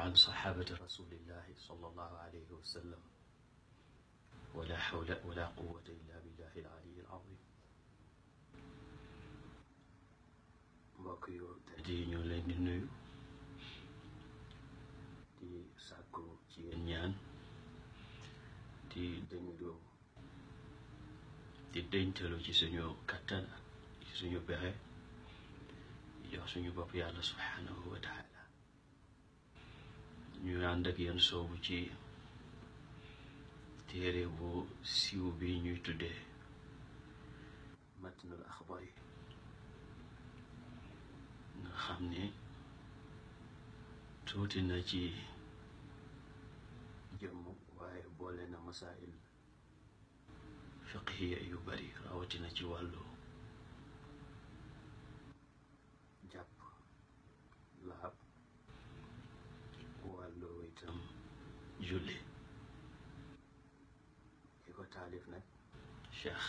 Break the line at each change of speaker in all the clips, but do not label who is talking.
an saxaabati rasulillahi sallallahu alayhi wa sallam wala xawla wala quwwata illa billahi al-aliyi al-azim mbokk yu tedd yi ñu di nuyu di sàkku ci ñaan di dëñdoo di dëñtalu ci suñu kattan ci suñu pexe jox suñu bopp yàlla subhaanahu wa ñuy ànd ak yéen soobu ci téere bu siiw bi ñuy tuddee matnul axbar yi nga xam ni tuuti na ci jëmm waaye boole na masail fiqhiya yu bari rawatina ci wàllu julli ki ko taalif nag cheikh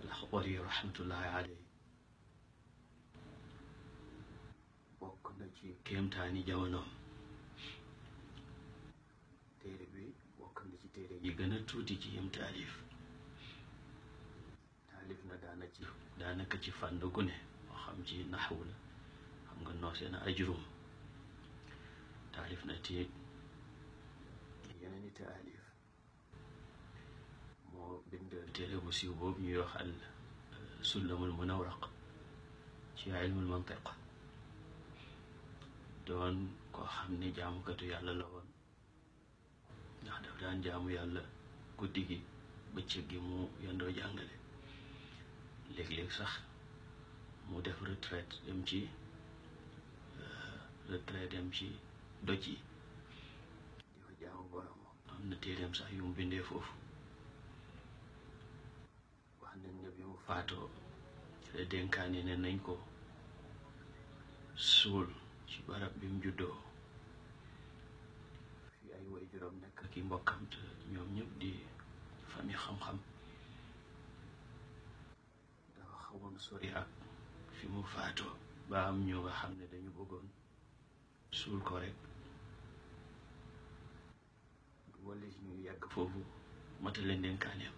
alxaqari rahmatullahi aley bokk na ci kéemtaani jamonoom téere bi bokk na ci téere yi gën tuuti ci yem taalif taalif na daana ci daanaka ci fànn gu ne xam ci naxwu la xam nga noose na ajrum taalif na ci moo bind téere bu siiw boobu ñuy wax al euh, sullamul munawraq ci ilmul mantiq doon koo xam ne jaamukatu yàlla la woon ndax daf daan jaamu yàlla guddi gi bëccëg gi mu yendoo jàngale léeg-léeg sax mu def retraite dem ci euh, retraite dem ci doj yi am na téeréem sax yu mu bindee foofu wax nañ ne bi mu faatoo ci la ne nañ ko suul ci barab bi mu juddoo fi ay way juróom nekk ak i mbokkam te ñoom ñëpp di famille xam-xam dafa xawoon sori ak fi mu faatoo ba am ñu nga xam ne dañu bëggoon suul ko rek wala ñu yàgg foofu matal leen dénkaaneem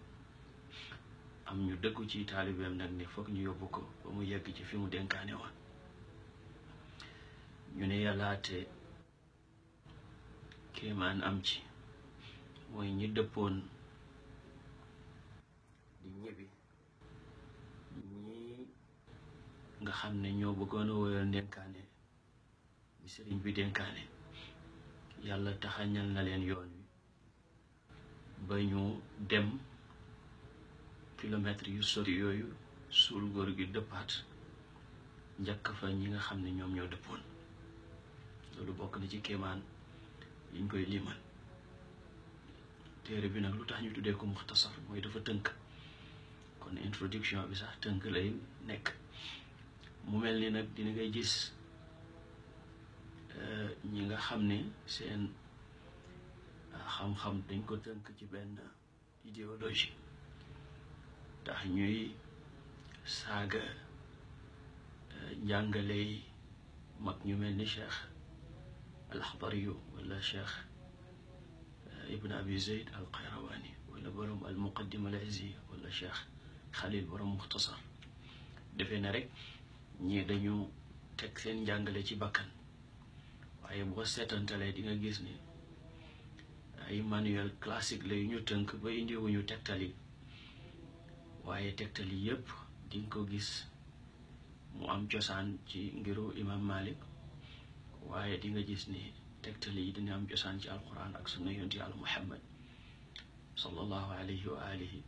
am ñu dëggu ci taalibeem nag ne foog ñu yóbbu ko ba mu yegg ci fi mu dénkaane ñu ne yàllaate kéemaan am ci mooy ñi dëppoon di ñibbi ñii nga xam ne ñoo bëggoon a woyoon dénkaane bi sëriñ bi dénkaane yàlla taxañal na leen yoon ba ñu dem kilomètre yu sori yooyu suul góor gi dëppaat njëkk fa ñi nga xam ne ñoom ñoo dëppoon loolu bokk na ci kéemaan yiñ koy limal téere bi nag lu tax ñu tuddee ko muxtasar mooy dafa tënk kon introduction bi sax tënk lay nekk mu mel ni nag dina ngay gis euh, ñi nga xam ne seen xam-xam dañ ko tënk ci benn idéologie tax ñuy saaga euh, njàngale yi mag ñu mel ni cheikh alxadariyu wala cheikh euh, ibn abi zeyd al qayrawani wala borom al muqaddima al iziya wala cheikh xalil borom muxtasar defee na rek ñii dañu teg seen njàngale ci bakkan waaye boo seetantalee di nga gis ni ay manuel classique la ñu tënk ba indiwuñu tegtal waaye tegtal yi yëpp di ko gis mu am cosaan ci ngiru imam malik waaye di nga gis ni tegtal yi dina am cosaan ci alxuraan ak sunna yonent yàlla muhammad sallallahu alayhi wa alihi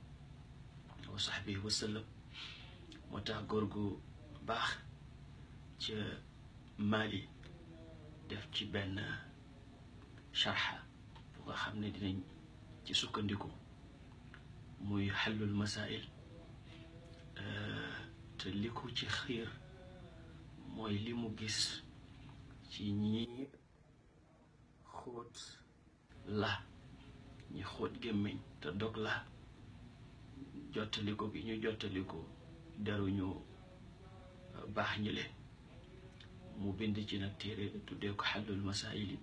wa moo tax góor gu baax ca mali def ci benn sharxa nga xam ne dinañ ci sukkandiku muy xallul masail euh, te li ko ci xiir mooy li mu gis ci ñi xóot la ñi xóot gémmiñ te dog la jottaliko bi ñu jottaliko daruñu euh, baax ñi leen mu bind ci nag téere tuddee ko xallul masail yi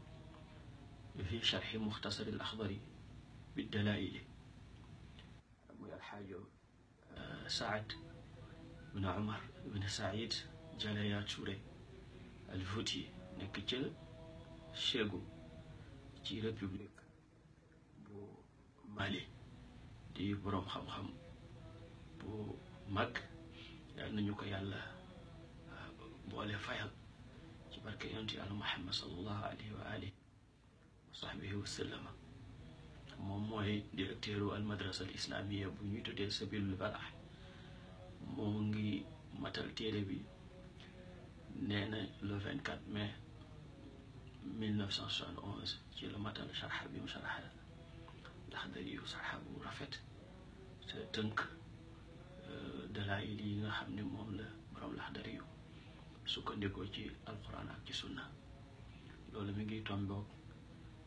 fi sharxi muxtasari alaxdari biddalaili muy alxaajo eh, saad ibn omar ibn said jalaya ture alfuuti nekk ca Ségou ci république bu Mali di boroom xam-xam bu mag yal nañu ko yàlla eh, boole fayal ci barke yonent yàlla Muhammad sallallahu alayhi wa alihi sahbihi wa sallama moom mooy directeur wu almadrasa al islamiya bu ñuy tuddee sabilul balax moom ngi matal téere bi nee na le 24 mai 1971 ci la matal sarxa bi mu sarxa Laxdari yu sarxa bu rafet te tënk euh, dalaayil nga xam ni moom la borom Laxdari yu sukkandikoo ci alquran ak ci sunna loolu mi ngi tomboog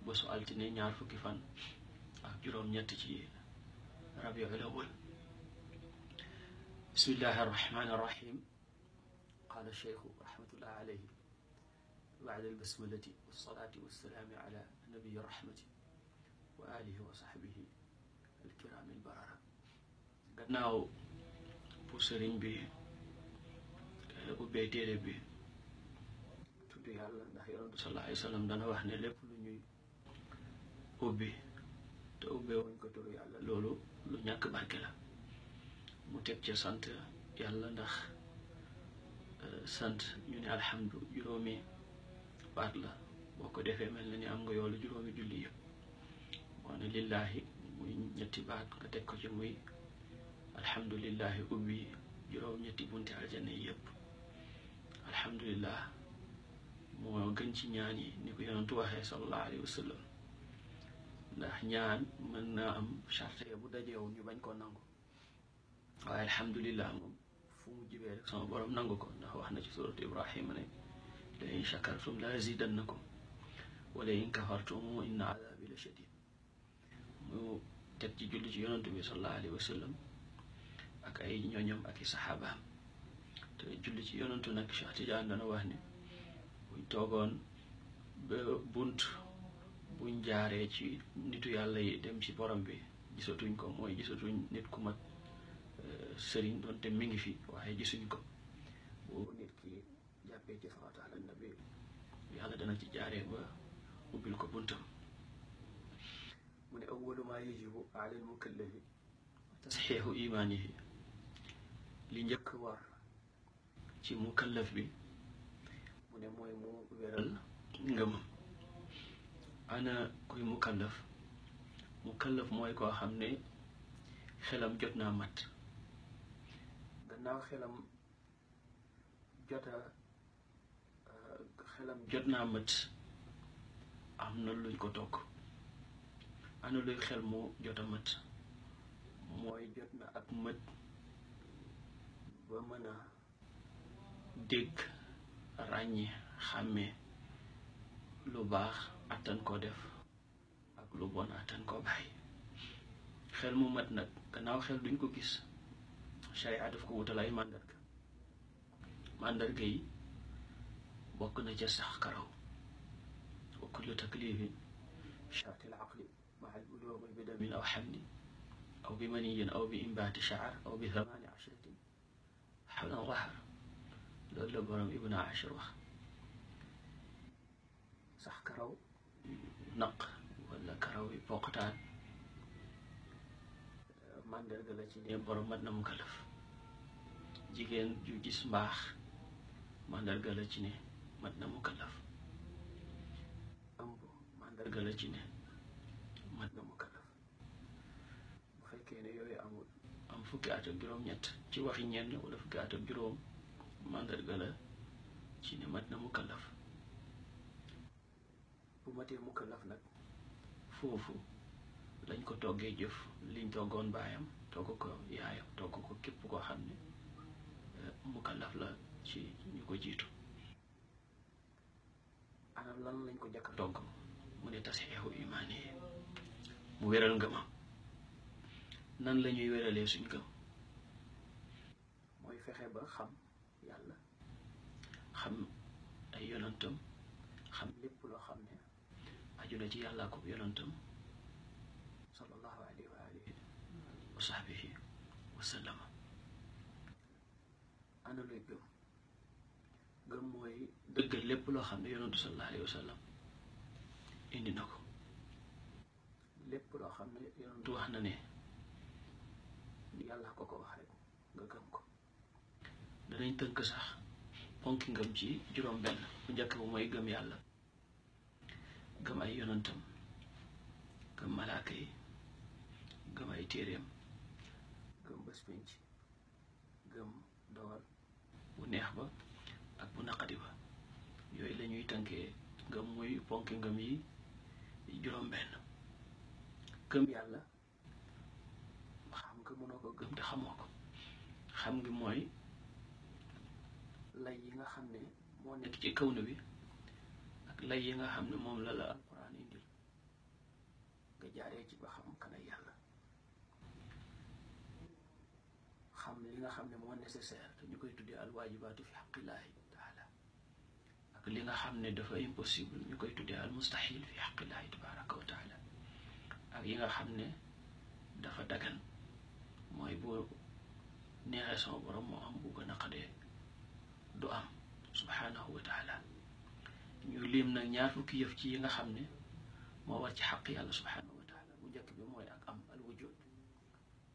bésu altine ñaar fukki fan ak juróom-ñett ci rabiul awal bismillahi arrahmani arrahim qaala cheikhu rahmatullah alayhi baada albasmalati walsalaati walsalaami ala nabiyi rahmati wa alihi wa sahbihi alkiram albarara gannaaw bu sëriñ bi eh, ubbee téere bi tudd yàlla ndax yonent bi sallallahu alayhi wa sallam dana wax ne lépp lu ñuy ubbi te ubbee wuñ ko turu yàlla loolu lu ñàkk barke la mu teg ca sant yàlla ndax euh, sant ñu ne alhamdu juróomi baat la boo ko defee mel na ni am nga yoolu juróomi julli yëpp moo ne lillaahi muy ñetti baat nga teg ko ci muy alhamdulillahi ubbi juróom ñetti bunti aljana yi yëpp alhamdulillah moo gën ci ñaani yi ni ko yonentu waxee sallallahu wa sallam ndax ñaan mën naa am charte bu dajeewoon ñu bañ koo nangu waaye alhamdulilah moom fu mu jibee sama borom nangu ko ndax wax na ci surat ibrahima ne la in chakartum la azidannakum in kafartum mu teg ci julli ci yonantu bi sallallahu alayhi wa sallam ak ay ñooñam ak i saxaabaam te julli ci yonantu nag Cheikh Tidiane dana wax ne bunt buñ jaaree ci nitu yàlla yi dem ci borom bi gisatuñ ko mooy gisatuñ nit ku mat euh, sëriñ doonte mi ngi fi waaye gisuñ ko boobu nit ki jàppee ci farataal ak nabi yàlla dana ci jaaree ba ubbil ko buntam mu ne awwalu maa yajibu alal mukallafi tasxiixu imaanihi li njëkk war ci mukallaf bi mu ne mooy mu wéral ngëmam ana kuy mukallaf mukallaf mooy koo xam ne xelam jot naa mat gannaaw xelam jota euh, xelam jot naa mat am na luñ ko togg ana luy xel mu jot mat mooy jot na ak mët ba mën a dégg ràññe xàmme lu baax attenko def ak lu bon attan koo bàyyi xel mu mat nag gannaaw xel duñ ko gis sharia daf ko wutal ay màndarga màndarga bokk na ca sax karaw wa kullu taklifin sharti al aqli maa al buluugi bi damin aw xamli aw bi maniyin aw bi imbaati shaar aw bi thamaani ashratin xawlan waxar loolu la borom ibnu ashir wax sax karaw naq wala karaw yi poqtaan màndarga la ci ne borom mat na mu kalaf jigéen ju gis mbaax màndarga la ci ne mat na mu kalaf ëmb màndarga la ci ne mat na mu kalaf bu fekkee ne yooyu amul am fukki at ak juróom-ñett ci waxi ñenn wala fukki at ak juróom màndarga la ci ne mat na mu kalaf matee mukallaf nag foofu dañ ko toggee jëf liñ toggoon baayam togg ko yaayam togg ko képp koo xam ne eh, mukallaf la ci ñu ko jiitu anam lan lañ ko jëkk togg mu ne tasixeexu imaani yi mu wéral ngëmam nan la ñuy wéralee suñ gëm mooy fexe ba xam yàlla xam ay yonantam xam jële ci yàlla ko yonantam sallallahu alayhi wa alihi wa sahbihi ana luy gëm gëm mooy dëggal lépp loo xam ne yonantu sallallahu alayhi indi na ko lépp loo xam ne yonantu wax na ne yàlla ko ko wax rek nga gëm ko danañ tënk sax ponki ngëm ci juróom benn bu njëkk bu mooy gëm yàlla gëm ay yonantam gëm malaaka yi gëm ay téereem gëm bés gëm dogal bu neex ba ak bu naqadi ba yooyu lañuy ñuy tënkee ngëm muy ponki ngëm yi juróom benn gëm yàlla xam nga mënoo ko gëm te xamoo ko xam ngi mooy lay yi nga xam ne moo nekk ci kaw na bi lay yi nga xam ne moom la la alquran indi nga jaaree ci ba xam kan yàlla xam li nga xam ne moo nécessaire te ñu koy tuddee alwaajibaatu fi xaqillaahi taala ak li nga xam ne dafa impossible ñu koy tuddee almustahil fi xaqillaahi tabaraka wa taala ak yi nga xam ne dafa dagan mooy bu neexee sama borom moo am bu ko naqadee du am subhanahu wa ñu lim nag ñaar fukki yëf ci yi nga xam ne moo war ci xaq yàlla subhanahu wa taala bu njëkk bi mooy ak am al wujud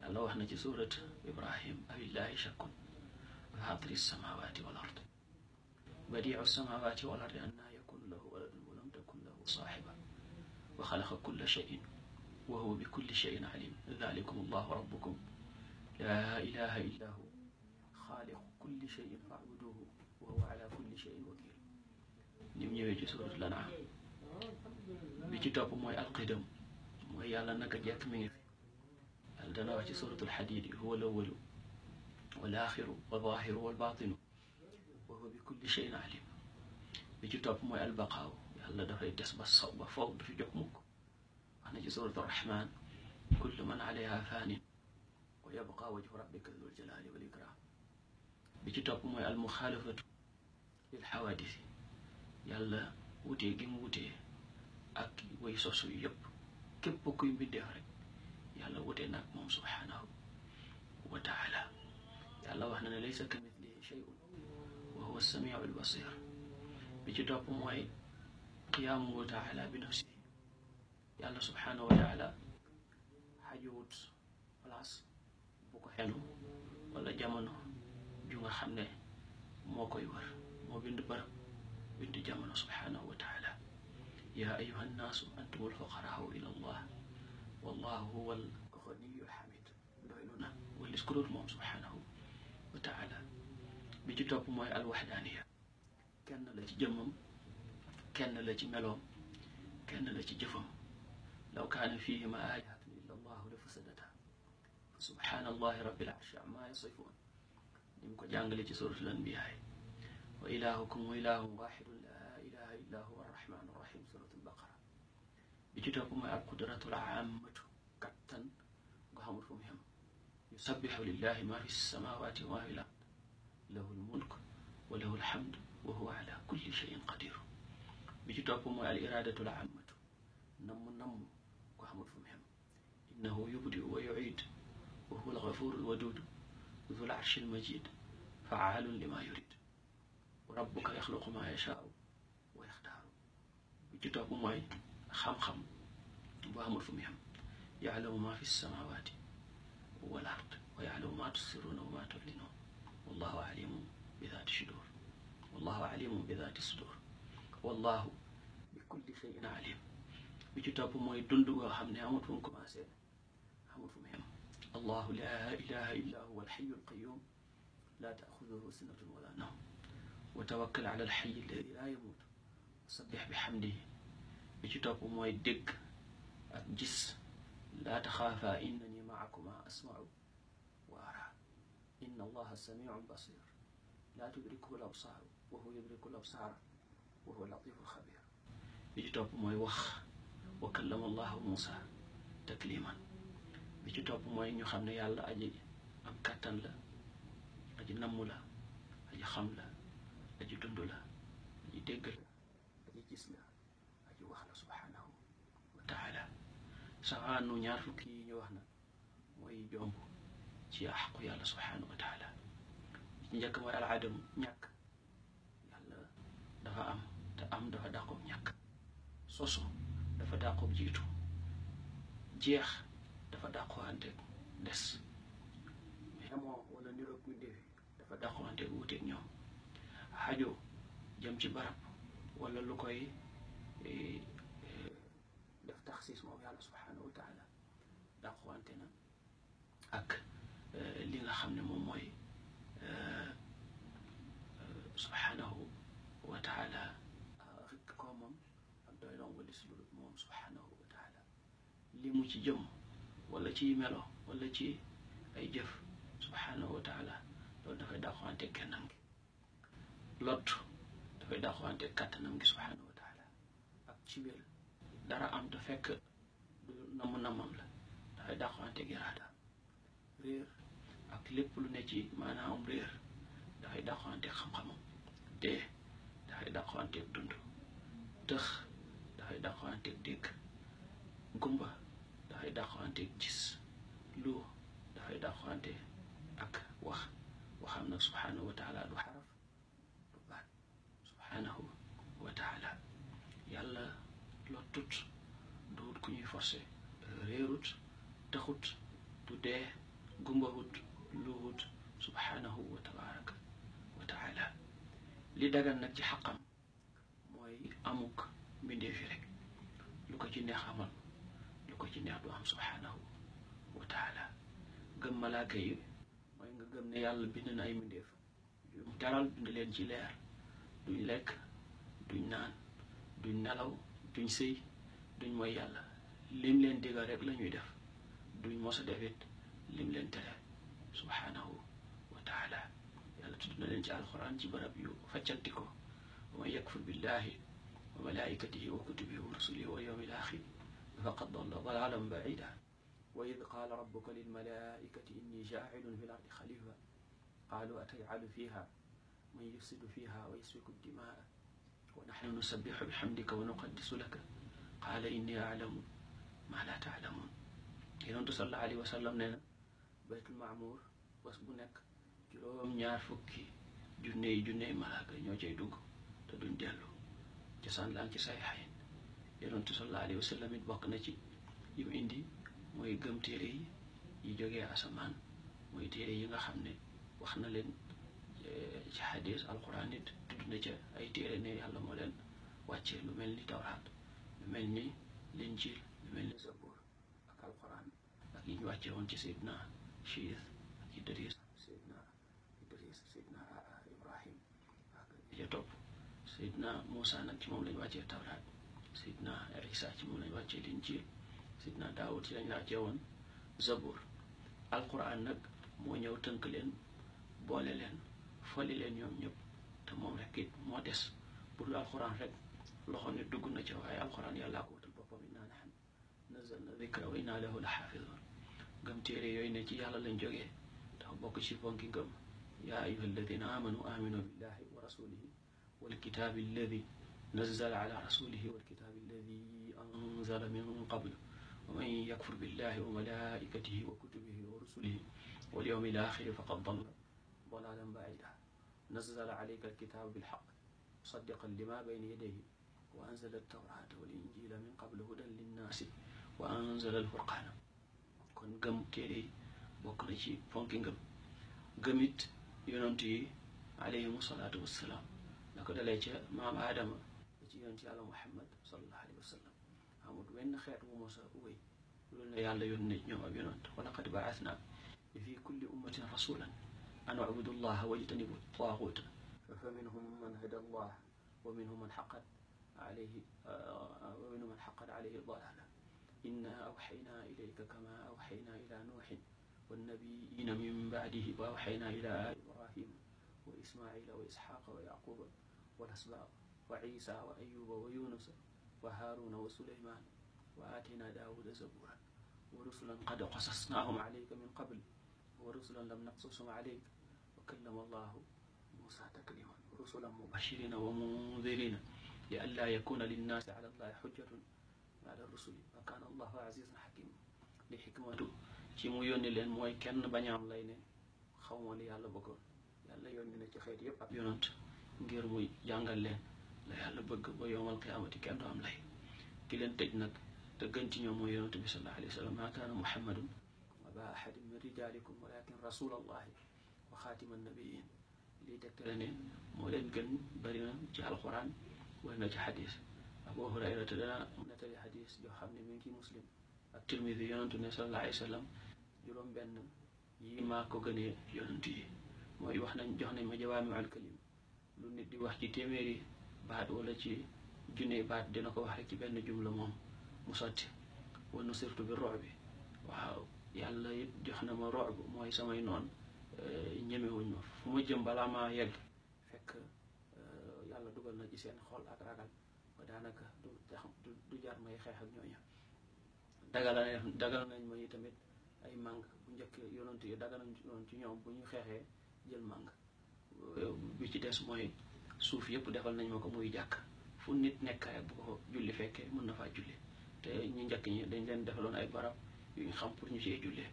yàlla wax na ci surat ibrahim awillahi shakkun fatiri samawati wal ard badiu samawati wal ard anna yakun lahu waladun wa lam takun lahu saaxiba wa xalaqa kulla shayin wa huwa bi kulli shayin alim dalikum allahu rabbukum la ilaha illa hu xaaliqu kulli shayin faabuduhu wa huwa ala kulli shayin ni mu ñëwee ci suurat lanaa bi ci topp mooy alqidam mooy yàlla naka jekk mi ngi fi yàlla dana wax ci suuratul xadiid huwa alawalu walaaxiru walzaahiru walbaatinu wa huwa bi kulli shay'in alim bi ci topp mooy albaqaaw yàlla dafay des ba sow ba foog du fi jóg mukk wax na ci suuratu rahmaan kullu man alayha faanin wa yabqaa wajhu rabbika dul jalaali wal ikraam bi ci topp mooy almuxaalafatu lil xawaadisi yàlla wutee gi mu wutee ak way sosu yëpp képp kuy mbindeef rek yàlla wutee nag moom subhaanahu wa taala yàlla wax na ne laysa kamithli shay'un wa huwa as-sami'u al-basir bi ci topp mooy qiyaamuhu taala bi nafsihi yàlla subhaanahu wa taala xajuwut place bu ko xenu wala jamono ju nga ne moo koy wër moo bind bërëb bind jamono subhaanahu wa taala yaa ayuha nnaasu antum alfuqaraau ila allah wallahu huwa alganiyu lhamid doylu na walis ku dul moom subhaanahu wa taala bi ci topp mooy alwaxdaaniya kenn la ci jëmmam kenn la ci meloom kenn la ci jëfam law kaana fihima aayaatun illa allah la fasadata subhaanallahi rabbil arshi ammaa yasifuun ni mu ko jàngale ci suratul anbiyaa wa ilaahukum ilaahun waaxidun laa ilaaha illaa huwa arrahmaanu rahim suratul baqara bi ci topp mooy ak qudratul aamatu kattan nga xamul fu mu yem yusabbihu lillahi ma fi samaawaati wa ma fi l-ard lahul mulk wa lahul hamd wa huwa ala kulli shay'in qadir bi ci topp mooy al iraadatul aamatu namm namm nga xamul fu mu yem innahu yubdi'u wa yu'iid wa huwa al-ghafuurul waduud zul arshil majiid fa'aalun limaa yuriid rabbuka yaxluqu maa yashaa'u wa yaxtaaru bu ci topp mooy xam-xam bu amul fu mu yem yaalamu maa fi samaawaati wal ard wa yaalamu maa tusiruuna wa maa tuclinuun wallahu alimun bi daati sudur wallahu alimun bi daati sudur wallahu bi kulli cheyin alim bi ci topp mooy dund goo xam ne amul fu mu commencé amul fu mu yem allahu laa ilaha illa huwa alxayu alqayum laa taaxuduhu sinatun wala nawm wa tawakkal ala alxayi alladi laa yamuut sabbix bi xamdi bi ci topp mooy dégg ak gis laa taxaafa innani maakuma asmau wa ara inna allaha samiun basir laa tudrikuhu labsaaru wa huwa yudriku labsaara wa huwa latifu xabir bi ci topp mooy wax wa kallama allahu muusa takliman bi ci topp mooy ñu xam ne yàlla aji am kàttan la aji namm la aji xam la aji dund la aji dégg la aji gis la aji wax la subhaanahu wa taala ñaar fukki yi ñu wax na mooy jomb ci àqu yàlla subhaanahu wa njëkk mooy alaadam ñàkk yàlla dafa am te am dafa dàqob ñàkk soso dafa dàqob jiitu jeex dafa dàqoanteeg des xemoo wala niroog mi defi dafa dàqoanteeg wuuteeg ñoom xajo jëm ci barab walla lu koy e, e, def taxsiis moom yàlla subhanahu wa taala dàquwante na ak e, li nga xam ne moom mooy subhanahu wa taala ak doy loon wali lu moom subhanahu wa li mu ci jëm wala ci melo walla ci ay jëf subhanahu wa taala loolu dafay dàquwante kennam lot dafay dàqwante kàttanam gi subhaanahu wa taala ak ci biir dara am te fekk du namm nammam la dafay dàqwante gi réer ak lépp lu ne ci maanaam réer dafay dàqwante xam-xamam dee dafay dàqwante dund tëx dafay dàqwante dégg gumba dafay dàqwante gis lu dafay dàqwante ak wax waxam nag subhaanahu wa du xaram subhaanahu wa taala yàlla lottut duwut ku ñuy forcé réerut taxut du dee gumbawut subhaanahu wa li daga nag ci xaqam mooy amuk mbindeefi rek lu ko ci neex amal lu ci neex du am subhaanahu wa taala gëm mooy nga gëm ne yàlla bind na ay mbindeef mu teral bind leen ci leer duñ lekk duñ naan duñ nelaw duñ sëy duñ mooy yàlla lim leen digal rek la ñuy def duñ mos a defit lim leen tere subhaanahu wa taala yàlla tudd na leen ci alquran ci barab yu faccanti ko wa man yakfur billahi wa malaikatihi wa kutubihi wa rusulihi wa yawmil axir faqad dalla dalalan baida wa id qaala rabbuka lilmalaikati inni jaacilun fi l ardi xalifa qaalu atajcalu fiha man yufsidu fiha wa yasfiku dimaa wa naxnu nusabixu bixamdika wa nuqaddisu laka qaala inni aalamu maa laa taalamuun yonentu sallallahu alayhi wa sallam nee bu nekk juróom-ñaar fukki junne ñoo cay dugg te duñ dellu cosaan laan ci say xayin yonentu sallallahu na ci yu indi mooy gëm yi yi asamaan mooy téere yi nga xam ne wax na leen ci xadis alquran it tudd ay téere ne yàlla moo leen lu mel ni tawraat lu mel ni linjil lu mel ni zabur ak alquran ak yi ñu wàccee woon ci sayidna chiis ak idris sayidna idris sayidna ibrahim ak ja topp nag ci moom lañ wàccee tawraat sayidna isa ci moom lañ li linjil sayidna daawud ci lañ wàccee woon zabur alquran nag moo ñëw tënk leen boole leen fali leen ñoom ñëpp te moom rek it moo des bu dul alxuraan rek loxo ne dugg na ca waaye alxuraan yàllaa ko wutal boppam innaa nahnu nazzalna dikra wa innaa lahu la xaafizuun ngëm téere yooyu ne ci yàlla lañ jógee dafa bokk ci fonki ngëm yaa ayuha alladina amanu aminu billahi wa rasulihi walkitaabi alladi nazzala ala rasulihi walkitaabi alladi anzala min qabl wa man yakfur billahi wa malaikatihi wa kutubihi wa rusulihi wal yawmi al axiri faqad dalla dalalan baida nazala alayka alkitaaba bilxaq musaddiqan lima bayna yadayhi wa anzala altawrata wal injila min qabl hudan linnaasi wa anzala alfurqaana kon gëm téere yi bokk na ci ponki ngëm gëmit yonent yi alayhim salaatu wassalaam la ko dalee ca maam aadama da ci yonent yàlla muhammad sallallahu alayhi wa sallam amul wenn xeet wu mosa wéy loolu ne yàlla yónnee ñoom ak yonent wa laqad baasna fi kulli ummatin rasulan an ubudu llaha wajtanibu taaxuuta fa minhum man hada llah wa minhum man xaqat alayhi wa minhum man xaqat alayhi dalaala inna awxaynaa ilayka kama awxaynaa ila nuuxin wannabiyiina min bacdihi wa awxaynaa ila aali ibrahim wa ismaila wa isxaaqa wa yaquuba walasbaab wa ciisa wa ayuba wa yunusa wa haaruuna wa suleymaan wa aataynaa daawuda zabuuran wa rusulan qad qasasnaahum alayka min qabl wa rusulan lam naqsusum alayka وكلم الله موسى تكليما رسلا مبشرين ومنذرين لئلا يكون للناس على الله حجة بعد الرسل وكان الله عزيزا حكيما li xikmatu ci mu yónni leen mooy kenn bañaam lay ne xaw ma li yàlla bëggoon yàlla yónni na ci xeet yépp ab yonant ngir muy jàngal leen la yàlla bëgg ba yowmal qiyaamati kenn du am lay ki leen tëj nag te gën ci ñoom mooy yonant bi sallallahu alayhi wa sallam maa kaana muhammadun aba ahadin min rijalikum walakin rasulallahi wa xaatiman nabiyin lii tegtale ne moo leen gën bari ci alxuraan wala na ci xadis abu hurayrata dana nettali xadis joo xam ne mi ngi muslim ak tirmidi yonentu ne sallallahu alayhi juróom benn yi maa yi mooy wax nañ jox nañ ma jawaamiul kalim di wax ci téeméeri baat wala ci junne baat dina ko wax rek ci benn jumla moom mu sotti wa nusirtu bi rox bi waaw yàlla it jox na ma rox bu mooy samay noon Euh, ñemewuñ ma fu ma jëm balaa maa yegg fekk euh, yàlla dugal na ci seen xol ak ragal ba daanaka du tax du jaar may xeex ak ñooña dagal nañ ma yi tamit ay màng bu njëkk yonent yi dagal nañ loon ci ñoom bu ñu xeexee jël màng euh, bi ci des mooy suuf yëpp defal nañ ma ko muy jàkk fu nit nekk ak bu ko julli fekkee mën na faa julli te ñu njëkk ñi dañ leen defaloon ay barab yu xam pour ñu cee jullee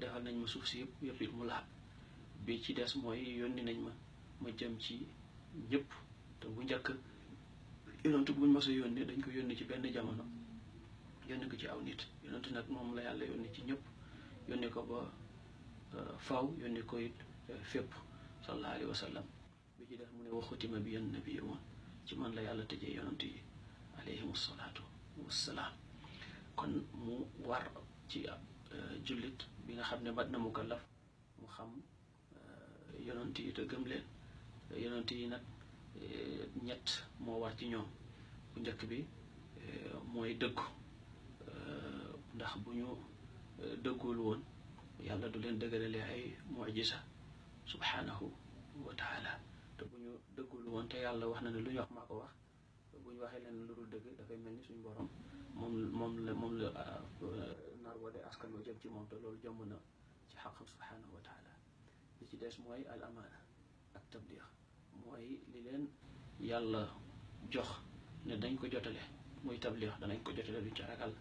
defal nañ ma suuf si yëpp yëpp it mu laab bi ci des mooy yónni nañ ma ma jëm ci ñëpp te bu njëkk yonentu buñ mos a yónni dañ ko yónni ci benn jamono yónni ko ci aw nit yonentu nag moom la yàlla yónni ci ñëpp yónni ko ba euh, faw yónni ko euh, fépp sallallahu alayhi wa bi ci des mu ne waxutima bi yan nabi woon ci man la yàlla tëjee yonentu yi alayhim salaatu wassalaam kon mu war ci euh, jullit bi nga xam ne mat na mu kallaf mu xam yonent yi te gëm leen yonent yi nag eh, ñett moo wax ci ñoom bu njëkk bi eh, mooy dëggu eh, ndax bu ñu dëggul woon yàlla du leen dëgërale ay mujisa subhanahu wa taala te bu ñu dëggul woon te yàlla wax na ne lu ñu wax maa ko wax bu ñu waxee leen lu dul dëgg dafay mel ni suñu borom moom moom la moom la ah, nar wade askan wi jëm ci moom te loolu jëmm na ci xaqam subhanahu wa ci des mooy al amaana ak tabdiix mooy li leen yàlla jox ne dañ ko jotale muy tabliix danañ ko jotale duñ ca ragal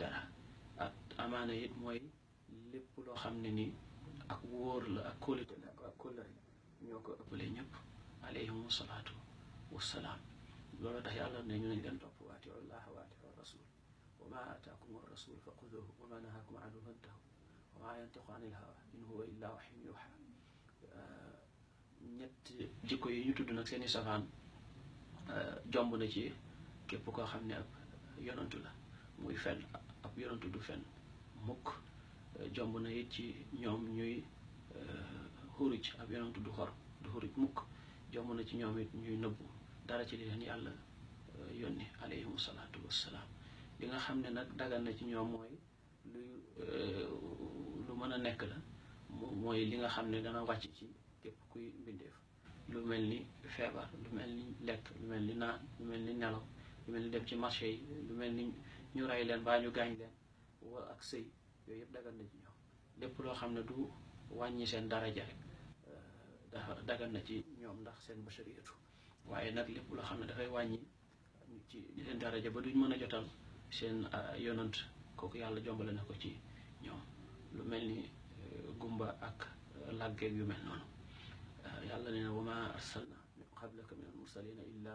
dara ak amaana it mooy lépp loo xam ne ni ak wóor la ak kóolite la ak kóllëre ñoo ko ëppale ñëpp alayhim salaatu wassalaam loolu tax yàlla ne ñu nañ leen topp waatiu llah waatiu rasul wa ma ataakum rasul fa xuduhu wa ma nahakum anhu fantahu wa ma yantiqu anil hawa in huwa illa waxyun yuha ñett jikko yi ñu tudd nag seeni safaan euh, jomb na ci képp koo xam ne ab yonantu la muy fen ab yonantu du fen mukk euh, jomb na it ci ñoom ñuy euh, xuruj ab yonantu du xor du xuruj mukk jomb na ci ñoom it ñuy nëbbu dara ci li leen yàlla yónni alayhimu salaatu wassalaam li nga xam ne nag dagal na ci ñoom mooy lu lu mën a nekk la mooy li nga xam ne dana wàcc ci képp kuy mbindeef lu mel ni feebar lu mel ni lekk lu mel ni naan lu mel ni nelaw lu mel ni dem ci marché yi lu mel ni ñu rey leen baa ñu gaañ leen wa ak yooyu yëpp dagan na ci ñoom lépp loo xam ne du wàññi seen daraja rek euh, dafa dagan na ci ñoom ndax seen bashariyatu waaye nag lépp loo xam ne dafay wàññi ci seen daraja ba duñ mën a jotal seen euh, yonant kooku yàlla jombale na ko ci ñoom lu mel ni gumba ak làggeeg yu mel noonu euh, yàlla nee na wa maa arsalna min qablaka min almursalina illa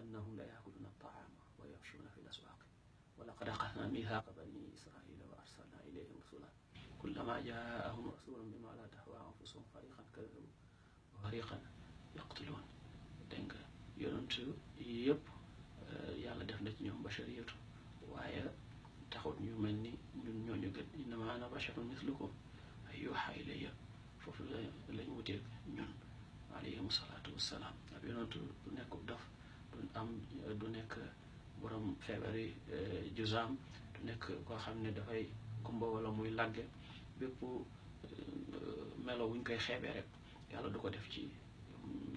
annahum la yaakuluna altaama wa yamshuna fi laswaaqi wa laqad axadna mithaqa bani israila wa arsalna ilayhim rasulan kullama jaahum rasulun bima la tahwa anfusuhum fariqan kadabu wa fariqan yaqtuluun dégg nga yonentu yëpp euh, yàlla def na ci ñoom bashariyatu waaye taxut ñu mel ni ñun ñooñu gën innama ana basharun mislukum yuuxa ilayya foofu la lañ wuteeg ñun alayhim salaatu salaam ab yonentu du nekk dof du am du nekk borom feebari eh, jusaam du nekk koo xam ne dafay gumba wala muy làgge bépp eh, melo wuñ koy xeebee rek yàlla du ko def ci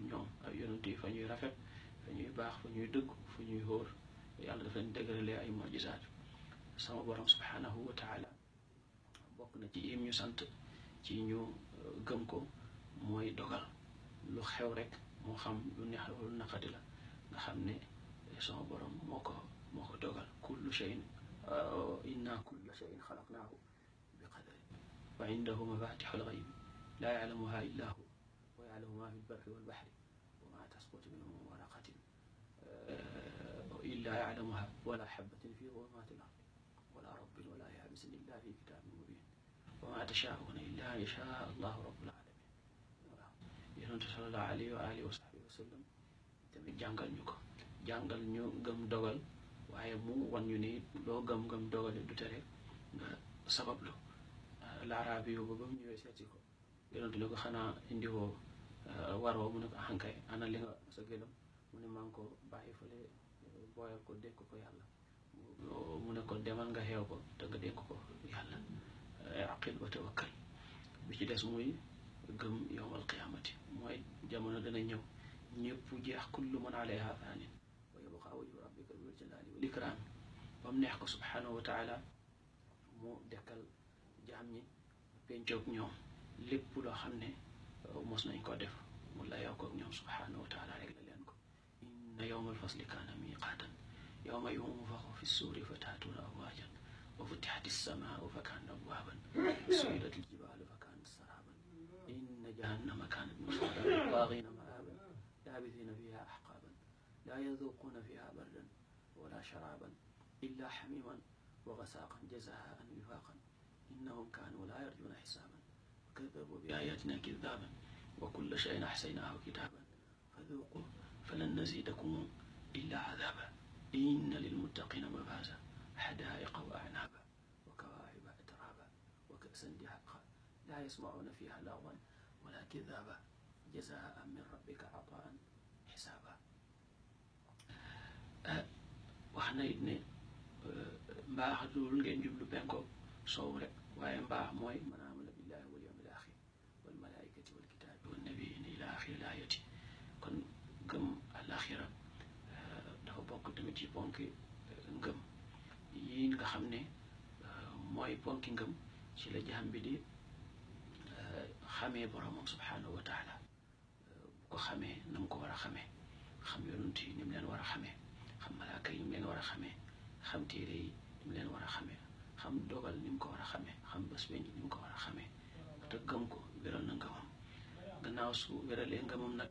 ñoom ay yonent fa ñuy rafet fa ñuy baax fa ñuy dëgg fu ñuy hóor yàlla dafa leen dëgëralee ay mojisaat sama borom subhanahu wa bokk na ci yim ñu sant ci ñu euh, gëm ko mooy dogal lu xew rek moo xam lu neex la lu naqati la nga xam ne sama borom moo ko moo ko dogal kullu shay'in euh, inna kulla shay'in xalaqnaahu bi qadari wa indahu mafatixul xayb laa yaalamuha illa hu wa yaalamu ma fi lbarri walbaxri wa ma tasqutu min waraqatin euh, illa yaalamuha wala xabatin fi zulumaati l ardi wala rabbin wala yaabisin illa fi kitaabin mubin wama tashaauna illaa an yashaa allahu rabbul alamin waaw yonente salallahu wa alihi wa sahbihi wa sallam ñu ko jàngal ñu gëm dogal waaye mu wan ñu ni loo gëm-gëm dogale du tere nga sabablu laaraab yi ba ba mu ñëwee seeti ko yonente ne ko xanaa indiwoo waroo mu ne ko axankay ana li nga sa gëlam mu ne maa ko bàyyi ko dénk ko yàlla mu ko demal nga xeew ko te nga ko yàlla aqil wa tawakkal bi ci des muy gëm yowmal qiyaamati mooy jamono dana ñëw ñëpp jeex kullu man alayha faanin wa yabqa wajhu rabbika dul jalaali wal ikraam ba mu neex ko subhaanahu wa taala mu dekkal jaam ñi pencoog ñoom lépp loo xam ne uh, mos nañ ko def mu layoo koog ñoom subhaanahu wa taala rek la leen ko inna yowmal fasli kaana miqaatan yowma yuunfaxu fi suuri fa taatuuna awaajan وفتحت السماء فكان أبوابا سيرت الجبال فكانت سرابا إن جهنم كانت مرصادا للطاغين مآبا لابثين فيها أحقابا لا يذوقون فيها بردا ولا شرابا إلا حميما وغساقا جزاء وفاقا إنهم كانوا لا يرجون حسابا وكذبوا بآياتنا كذابا وكل شيء أحسيناه كتابا فذوقوا فلن نزيدكم إلا عذابا إن للمتقين مفازا حدائق وأعنابا وكواعب أترابا وكأسا دهقا لا يسمعون فيها لغوا ولا كذابا جزاء من ربك عطاء xisaaba wax na it ne mbaax dul ngeen jublu penko soow rek waaye mbaax mooy man amana billahi wal yawmil axir wal malaikati wal kitaabi wan nabiyina ila axiri laayati kon gëm àlaxira dafa bokk tamit ci ponk yi nga xam ne euh, mooy ponki ngëm ci la jaam bi di euh, xamee boromam subhaanahu wa taala bu ko xamee na mu ko war a xamee xam yonent yi ni mu leen war a xamee xam malaaka yi ni mu leen war a xamee xam téere yi ni mu leen war a xamee xam dogal ni mu ko war a xamee xam bés beñ ni mu ko war a xamee te gëm ko wéral na ngëmam gannaaw su wéralee ngëmam nag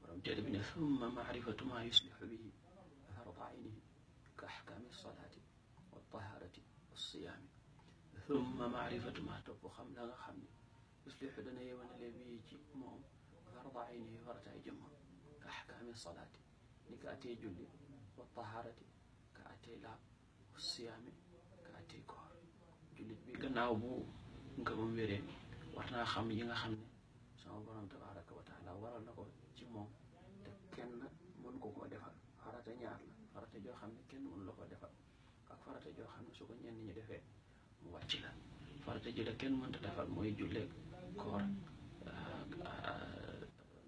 borom téere bi ne summa maarifatu maa yuslihu bihi farda aynihi ka ahkaami salaat siyaami thumma maarifatu ma topp xam la nga xam ni yuslixu dana yewanale bii ci moom farda ayni farataay jëmmam ka axkaami salaati ni ka atee julli wa taharati ka atee laab wa siyaami ka atee koor jullit bi gannaaw bu ngëmam wéree war naa xam yi nga xam ni sama borom tabaraka wa taala waral na ko ci moom te kenn mën ko koo farata ñaar la farata joo xam ne farata joo xam ne su ko ñenn ñi defee mu wàcc la farata ji kenn mënta defal mooy julleeg koor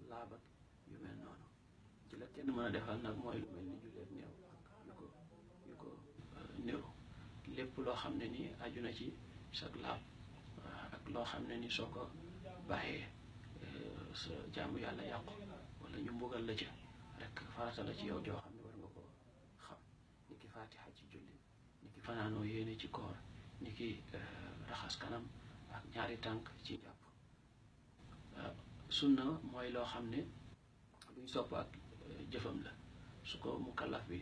laabak yu mel noonu ci la kenn mën a defal nag mooy lu mel ni julleeg néew yu ko yu ko euh, néew lépp loo xam ne ni aju na ci sag laab euh, ak loo xam ne ni soo ko bàyyee euh, sa jaamu yàlla yàqu wala ñu mbugal la ci rek farata la ci yow joo xam ne war nga ko xam ni ki faatiha ci julli ni ki fanaanoo yéene ci koor ni ki euh, raxas kanam ak ñaari tànk ci jàpp euh, sunna mooy loo xam ne luñ sopp ak euh, jëfam la su ko mu mukallaf bi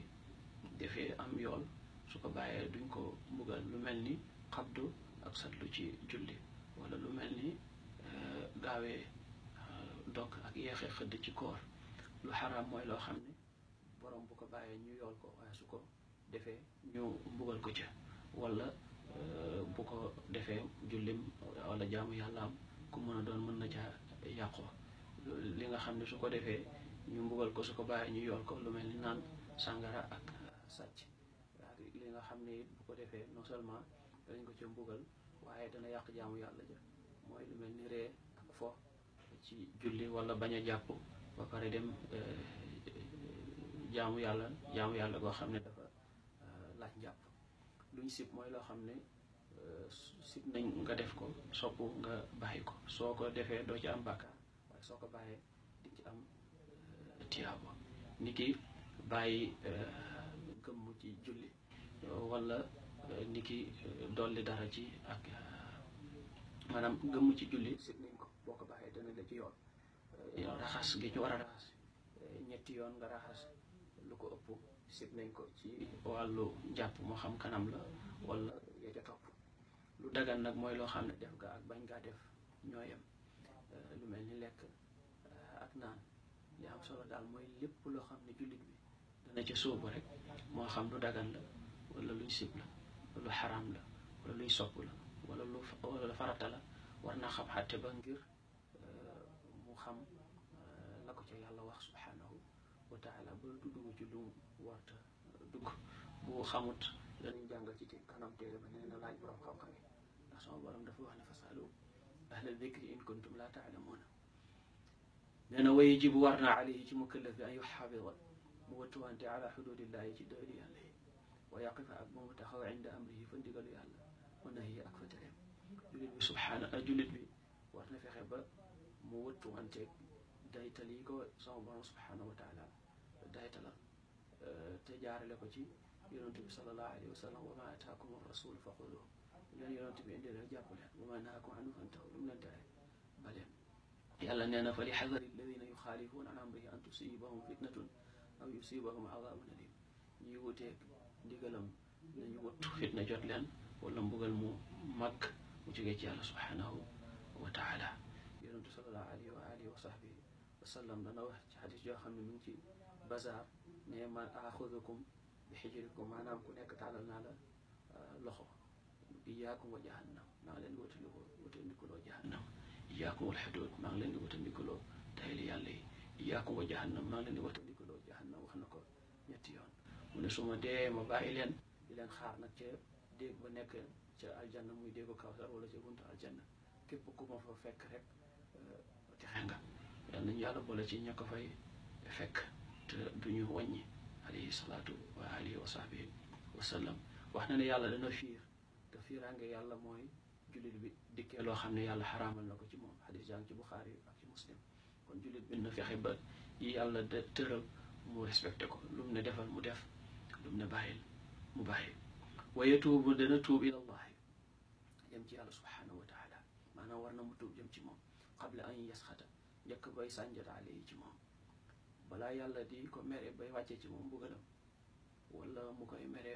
defee am yool su ko bàyyee duñ ko mbugal lu mel ni xabdu ak satlu ci julli wala lu mel ni gaawee dog ak yeexe xëdd ci koor lu xaram mooy loo xam ne borom bu ko bàyyee ñu yool ko waaye su ko defee ñu mbugal ko ca wala euh, bu ko defee jullim wala jaamu yàlla am ku mën a doon mën na caa yàqu li nga xam ne su ko defee ñu mbugal ko su ko bàyyi ñu yool ko lu mel ni naan sàngara ak euh, sàcc li nga xam ne it bu ko defee non seulement danañ ko ca mbugal waaye dana yàq jaamu yàlla ja mooy lu wala bañ a jàpp ba pare dem euh, jaamu yàlla jaamu yàlla goo xam ne dafa laaj jàpp luñ sib mooy loo xam ne euh, sit nañ nga def ko sopp nga bàyyi ko soo ko defee doo ci am bàkkaar waaye soo ko bàyyee di ci am euh, tiyaabo ni ki bàyyi euh, gëmm ci julli wala ni ki dolli dara ci ak maanaam gëmm ci julli sib nañ ko boo ko bàyyee dana la ci yoon raxas gi ci war raxas ñetti yoon nga raxas lu ko ëpp sib nañ ko ci wàllu njàpp moo xam kanam la wala ya ca topp lu dagan nag mooy loo xam ne def nga ak bañ ngaa def ñoo yem euh, lu mel ni lekk euh, ak naan li am solo daal mooy lépp loo xam ne jullit bi dana ca sóobu rek moo xam lu dagan la wala luñ sib la lu xaraam la wala luy sopp la wala lu wala farata la war naa xam xatte ba ngir euh, mu xam la ko ca yàlla wax subhaanahu wa taala bu du dugg ci lu warta dugg bu xamut danañ jàngal ci kanam téere ba nee na laaj borom xam-xam yi ndax sama borom dafa wax ne fasalu ahla dikri in kuntum laa taalamuuna
nee na waye jibu war naa
alayhi ci mukallaf bi an yuxafida mu wattuwante ala xududillahi ci doylu yàlla yi wa yaqifa ak moomu taxaw inda amrihi fa ndigalu yàlla wa nahyi ak fa tereem jullit bi subhaana ah, jullit bi war na fexe ba mu wattuwanteeg daytal yi ko sama borom subhaanahu wa taala daytalam eh, te jaarale ko ci yonent bi sallallahu alayhi wa sallam wa ma ataakum rasul fa xuduhu leen yonent bi indi leen jàpp leen wa ma nahaakum anhu fantahu lu mu leen tere ba leen yàlla nee na fa li xadari alladina yuxaalifuuna an amrihi an tusibahum fitnatun aw yusibahum adabun alim ñuy wuteeg ndigalam nañu wattu fitna jot leen wala mbugal mu mag mu jógee ci yàlla subhanahu wa taala yonentu salallahu alayhi wa alihi wa sahbihi wa sallam dana wax ci xadis joo xam ne mu ngi ci bazar ne man axudukum bi xijrikum maanaam ku nekk tàllal naa la euh, loxo iyaakum wa jahannam maa ngi leen di watandikoo watandikuloo jahannam iyaakum wal xadood maa ngi leen di watandikuloo tayli yàlla yi iyaakum wa jahannam maa ngi leen di watandikuloo jahannam wax na ko ñetti yoon mu ne su ma dee ma bàyyi leen di leen xaar nag ca déeg ba nekk ca aljanna muy déegu kawsar wala ca buntu aljanna képp ku ma fa fekk rek euh, texe nga yal nañu yàlla boole ci ña ko fay fekk te duñu wàññi alayhi salaatu wa alihi wa sahbihi wax na ne yàlla dana fiir te fiiraange yàlla mooy julit bi dikkee loo xam ne yàlla xaraamal na ko ci moom xadis jàng ci buxaari ak ci muslim kon jullit bi na fexe ba yi yàlla de mu respecté ko lu mu ne defal mu def lu mu ne bàyyil mu bàyyi wa yatuubu dana tuub ilallahi jëm ci yàlla subhanahu wa taala maanaam war na mu tuub jëm ci moom qabla an yasxata njëkk bay sànjat ci moom balaa yàlla di ko mere bay wàccee ci moom mbugalam wala mu koy mere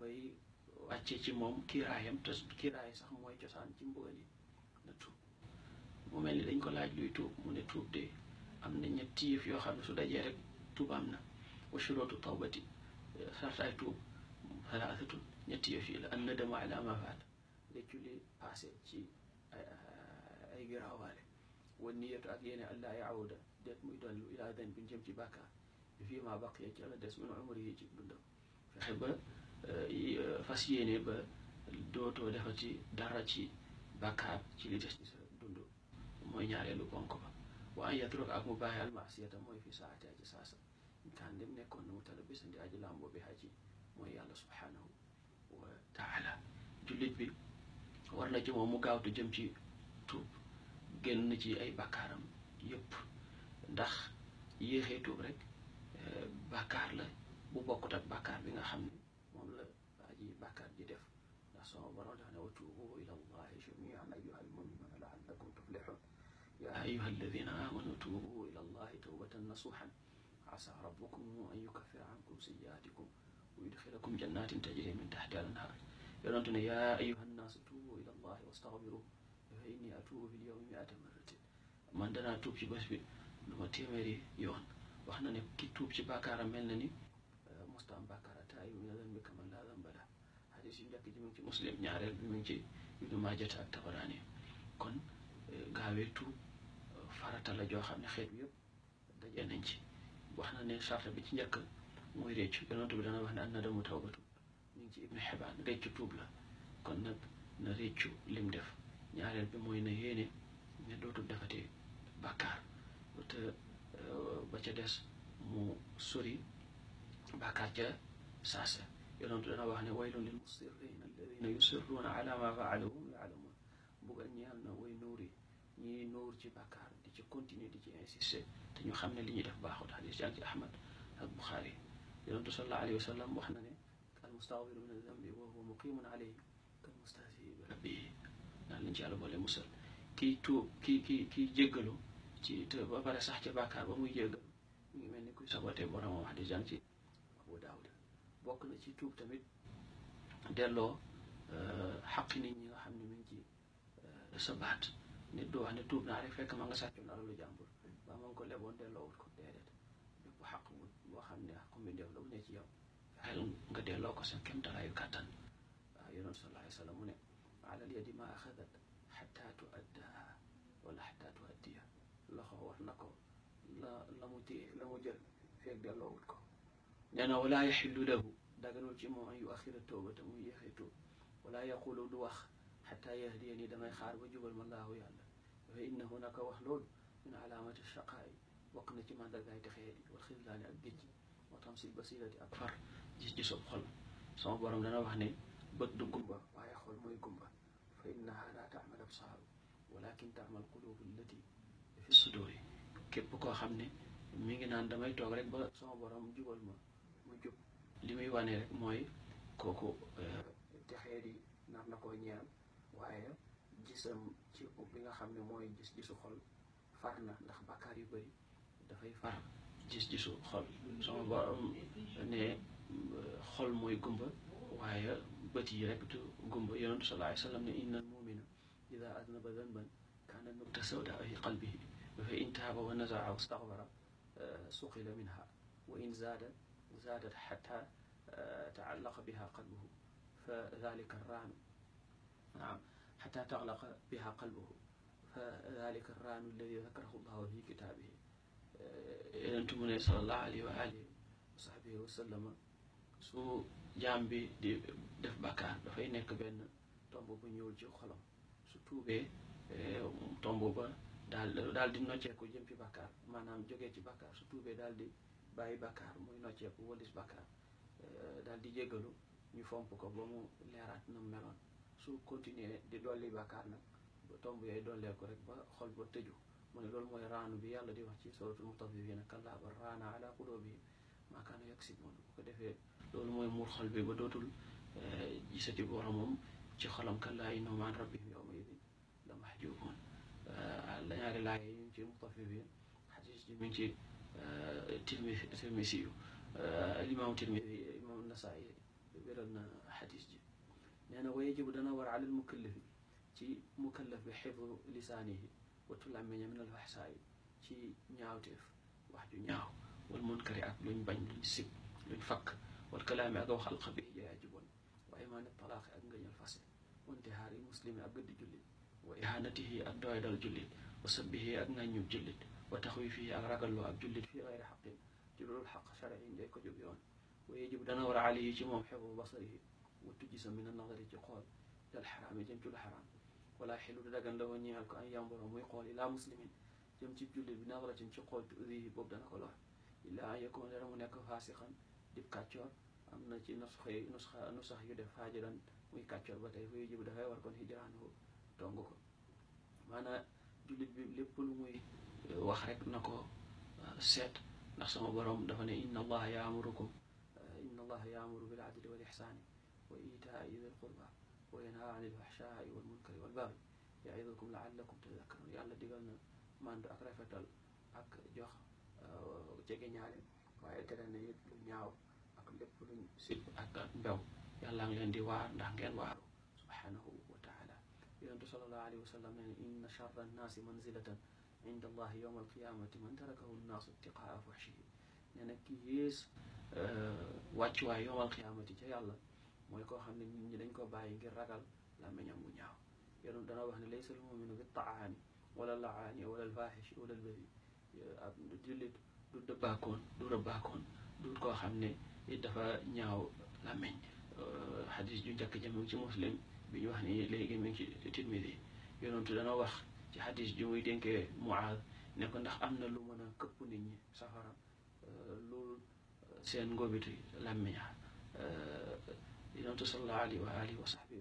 bay wàccee ci moom kiiraayam te kiiraay sax mooy cosaan ci mbugal yi na tuub mu mel ni dañ ko laaj luy tuub mu ne tuub de am na ñetti yëf yoo xam ne su dajee rek tuub am na wa shurootu tawbati sartaay tuub salaasatun ñetti yëf yi la an nadamu ala faat réccu li passé ci ay giraawaale wa niyatu ak yéene allah yaawuda déet muy dolli ilaa dañ bi ñu jëm ci bàkkaar bi fii maa baq yee ci la des mun a umar yi ci dundam fexe ba euh, fas yéene ba dootoo defati dara ci bàkkaar ci li des ci sa dund mooy ñaareelu ponk ba yet an yatruk ak mu bàyyi almasiyata mooy fi saati aji saasa kaan dem nekkoon na mu tala bisandi aji làmboo bi haji mooy yàlla subhanahu wa taala jullit bi war na ci moom mu gaawtu jëm ci tuub génn ci ay bàkkaaram yëpp ndax yéexee tuub rek euh, bàkkaar la bu bokkut ak bàkkaar bi nga xam ne moom la aji bàkkaar ji def ndax sama borom dafa ne wa tuubu ila allahi jamian ayyuhal mu'minuuna la'allakum tuflihun ya ayyuha alladina amanu tuubu ila allahi tawbatan nasuhan asa rabbukum an yukaffira ankum sayyi'atikum wa yudxilakum jannatin tajri min tahtiha al-anhar yonentu ne ya ayyuha nnaasu tuubu ila allahi wastaghfiru fa inni atuubu fil yawmi mi'ata marratin man danaa tuub ci bés bi lu ma wax na ne ki tuub ci bàkkaara mel na ni euh, mosta am bàkkaara taayu mina zanbi kaman laa yu njëkk ji mu ngi ci muslim ñaareel mu ngi ci ibnu maajata ak kon euh, gaawee tuub euh, farata la joo xam ne xeet bi yëpp dajee nañ ci wax na ne charte bi ci njëkk muy réccu yonent bi dana wax ne an nadamu tawbatu ñu ngi ci ibnu xibaan réccu tuub la kon nag na réccu lim def ñaareel bi mooy na yéene ne dootul defati bàkkaar te euh, ba ca des mu sori bàkkaar ca saasa yonentu dana wax ne waylun lil musirrina alladina yusirruuna ala ma faalu hum yaalamuun buggal ñeel na way nóor yi ñiy nóor ci bàkkaar di ci continuer di ci insister te ñu xam ne li ñuy def baaxul xadis jàng ci ahmad ak buxaari yonentu sallallahu alayhi wa wax na ne al mustawfiru min adambi wa huwa muqimun alayhi kal mustahzi bi rabbihi naan lañ ci yàlla boole musal kii tuub kii kii kii jéggalu ci te ba pare sax ca bàkkaar ba muy jéggal mel ni kuy sabote boromam wax di jàng ci Abu Daawud bokk na ci tuub tamit delloo euh, xaqi nit ñi nga xam ne mi ngi ci euh, sa baat nit du wax ne tuub naa rek fekk ma nga sàccoon alalu jàmbur ba ma ngi ko leboon delloowut ko déedéet lépp xaq bu boo xam ne xaq mu def la bu ne ci yow fexeel nga delloo ko seen kem talaayu kàttan waaw yonent sallallahu alayhi mu ne alal yadi ma axadat xataa tuaddaa wala xataa loxo war na ko la la mu téye la mu jël feeg delloowut ko nee na walaa yaxillu lahu daganul ci moom an yu axira tawbata muy yéexee tuub walaa yaqulu du wax xataa yahdiya nii damay xaar ba jubal ma laahu yàlla fa innahu naka wax loolu min alaamati shaqaay bokk na ci mandargaay texee di wal xislaani ak géej moo tam si basirati ak far gis ci sob xol sama borom dana wax ne bët du gumba waaye xol mooy gumba fa innaha laa taamal absaaru walakin taamal qulubu allati fi sudóor képp koo xam ne mi ngi naan damay toog rek ba sama borom jubal ma mu jub li muy wane rek mooy kooku eh, texee di nar na koo ñaan waaye gisam ci li nga xam ne mooy gis-gisu xol far na ndax bàkkaar yu bari dafay far gis-gisu xol sama borom ne eh, xol mooy gumba waaye bët yi rek du gumba yonentu sallallahu alayhi wa sallam ne innal mu'mina ida aznaba zanban kaana nukta sawda fi qalbihi فإن تاب ونزع واستغفر سقل منها وإن زاد زادت حتى تعلق بها قلبه فذلك الران نعم حتى تغلق بها قلبه فذلك الران الذي ذكره الله في كتابه yonentu sallallahu alayhi wa alihi wa sahbihi wa sallama su jaam bi di def bàkkaar dafay nekk benn tomb bu ñuul ci xolam su tuubee eh, tomb ba daal daal di nocceeku jëm ci bàkkaar maanaam jógee ci bàkkaar su tuubee daal di bàyyi bàkkaar muy nocceeku walis bàkkaar eh, daal di jéggalu ñu fomp ko ba mu leeraat na mu meloon su continuer di dolli bàkkaar nag tomb yooyu dolleeku rek ba xol ba tëju mu ne loolu mooy raanu bi yàlla di wax ci suratul mutaffifina kallaa bal raana ala quluubihim maa kaanu yaksibuun bu ko defee loolu mooy muur xol bi ba dootul eh, gisati boromam ci xolam kallaa innahum an rabbihim yawma idin ñaari laay yi ñu ngi ci euh, mutaffifin xadis bi ci tirmi tirmisi yu euh, imaam tirmisi imaam nasaay wéral na xadis ji nee na wa yajibu dana war ci mukallaf bi xifdu lisaanihi wattu làmmiñam min al ci ñaawteef wax ju ñaaw wal munkari ak luñ bañ luñ sib luñ fakk wal kalaami ak wax alxabi yaajiboon waaye maa ne talaaxi ak ngañal fase wantihaar muslimi ak gëdd julli wa ihanatihi ak doydal jullit wa sabbihi ak ŋàññub jullit wa taxwi fii ak ragalloo ab jullit fii gayri xaqin ci loolu xaq shariin day ko jub yoon wa yajib dana war alayhi ci moom xebu basarihi wa tujisa min a ci xool dal xaraami jëm ci lu xaraam wala xilu di dagan la woon ñeel ko ay yàmboro muy ilaa muslimin jëm ci jullit bi nazaratin ci xool tuudihi boobu dana ko lor illaa an yakuna dara mu nekk faasixan dib kàccoor am na ci nusxa nusxa nusax yu def faajiran muy kàccoor ba tey fu yujib dafay war kon dong ko maanaam jullit lépp lu muy euh, wax rek na ko euh, seet ndax sama borom dafa ne inna allaha yaamurukum euh, inna allaha yaamuru bil adli wal ihsaani wa iitaai dil qurba wa yanhaa anil fahshaai wal munkari wal bagyi yaidukum laallakum tadakkaruun yàlla digal na màndu ak rafetal ak jox jege ñaale waaye tere na it lu ñaaw ak lépp luñ sib ak mbew yàlla ngi di waar ndax ngeen waaru subhaanahu yonentu sallallahu alayhi wa sallam nee na inna charra annaasi manzilatan inda allahi yowma alqiyamati man tarakahu nnaasu ittiqaa fuxshihi nee na ki yées euh, wàccuwaay yowma alqiyamati ca yàlla mooy koo xam ne nit ñi dañ ko bàyyi ngir ragal làmmiñam bu ñaaw yonent dana wax ne laysa almuminu bi taani wala laani wala alfaaxishi wala albahi ab jullit du dëbbaakoon du rëbbaakoon du koo xam ne dafa ñaaw làmmiñ euh, xadis ju njëkk jëm ci muslim bi ñu wax ni léegi mi ngi ci Tirmidi yonentu dana wax ci xadis ji muy dénkee Muaaz ne ndax am na lu mën a këpp nit ñi safara loolu euh, euh, seen ngóobitu làmmiñ euh, yonentu sallallahu alayhi wa alihi wa sahbi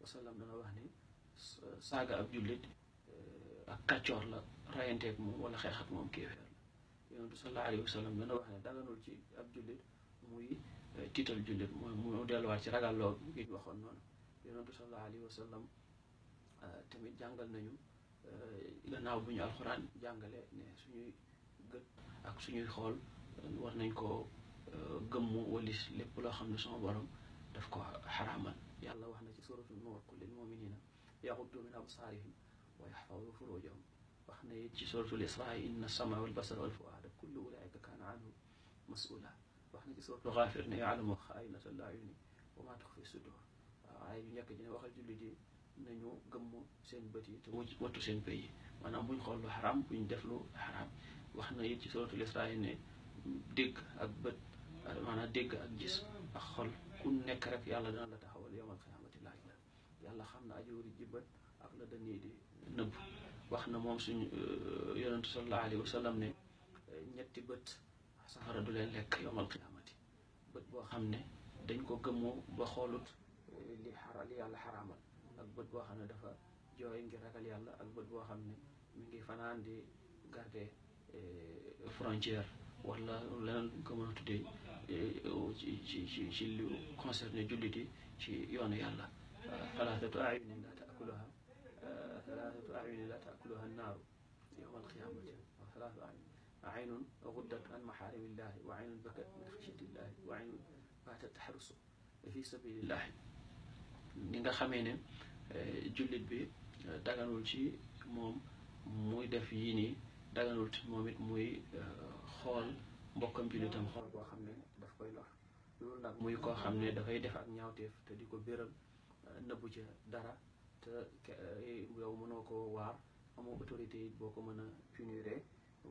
wax ni saaga ab jullit ak kàccoor la rayanteeg moom wala xeex ak moom kéefeer la yonentu sallallahu alayhi wa dana wax ne daganul ci ab jullit muy tiital jullit mooy mu delluwaat ci ragalloo gi ñu waxoon noonu yonent bi sallallahu alayhi wa sallam euh, tamit jàngal nañu euh, gannaaw bu ñu alxuraan jàngale ne suñuy gët ak suñuy xool euh, war nañ ko gëmmu walis lépp loo xam ne sama borom daf ko xaraamal yàlla wax na ci suratul nuur qul lil muminina yaxuddu min absaarihim wa yaxfadu furujahum wax na it ci suratul israa inna sama wal basara wal fuaada kullu ulaika kaana anhu masula wax na ci suratul xaafir ne yaalamu xaainata l ayuni wa ma tuxfi sudur aay yu njëkk ji ne waxal jullit yi nañu gëmmu seen bët yi te wattu seen pëy yi maanaam buñ xool lu xaraam buñ def lu xaraam wax na it ci suratul Israa ne dégg ak bët maanaa dégg ak gis ak xol ku nekk rek yàlla dana la taxawal yawmal qiyaamati laaj la xam na ajuwari ji bët ak la dañuy di nëbb wax na moom suñu euh, yonentu sallallahu alayhi wa sallam ne ñetti bët saxara du leen lekk yawmal qiyaamati bët boo xam ne dañ ko gëmmoo ba xoolut li xara li yàlla xaraamal ak bët boo xam ne dafa jooy ngir ragal yàlla ak bët boo xam ne mi ngi fanaan di garder eh, frontière wala leneen ko mën a tuddee eh, ci ci ci ci lu concerné jullit yi ci yoonu yàlla talaatatu ayunin laa taakuluha talaatatu eh, ayunin laa taakuluha naaru yowma alqiyamati wa talaatu ayun aynun guddat an maxaarimillahi wa aynun bakat min xashiyatillahi wa aynun baatat taxrusu fi sabilillahi ni nga xamee ne euh, jullit bi euh, daganul ci moom muy def yii nii daganul ci moom it muy euh, xool mbokkam jullitam xool boo xam ne daf koy lor loolu nag muy koo xam ne dafay def ak ñaawteef te di ko béral nëbbu ca dara te yow mënoo ko waar amoo autorité yi boo ko mën a puniree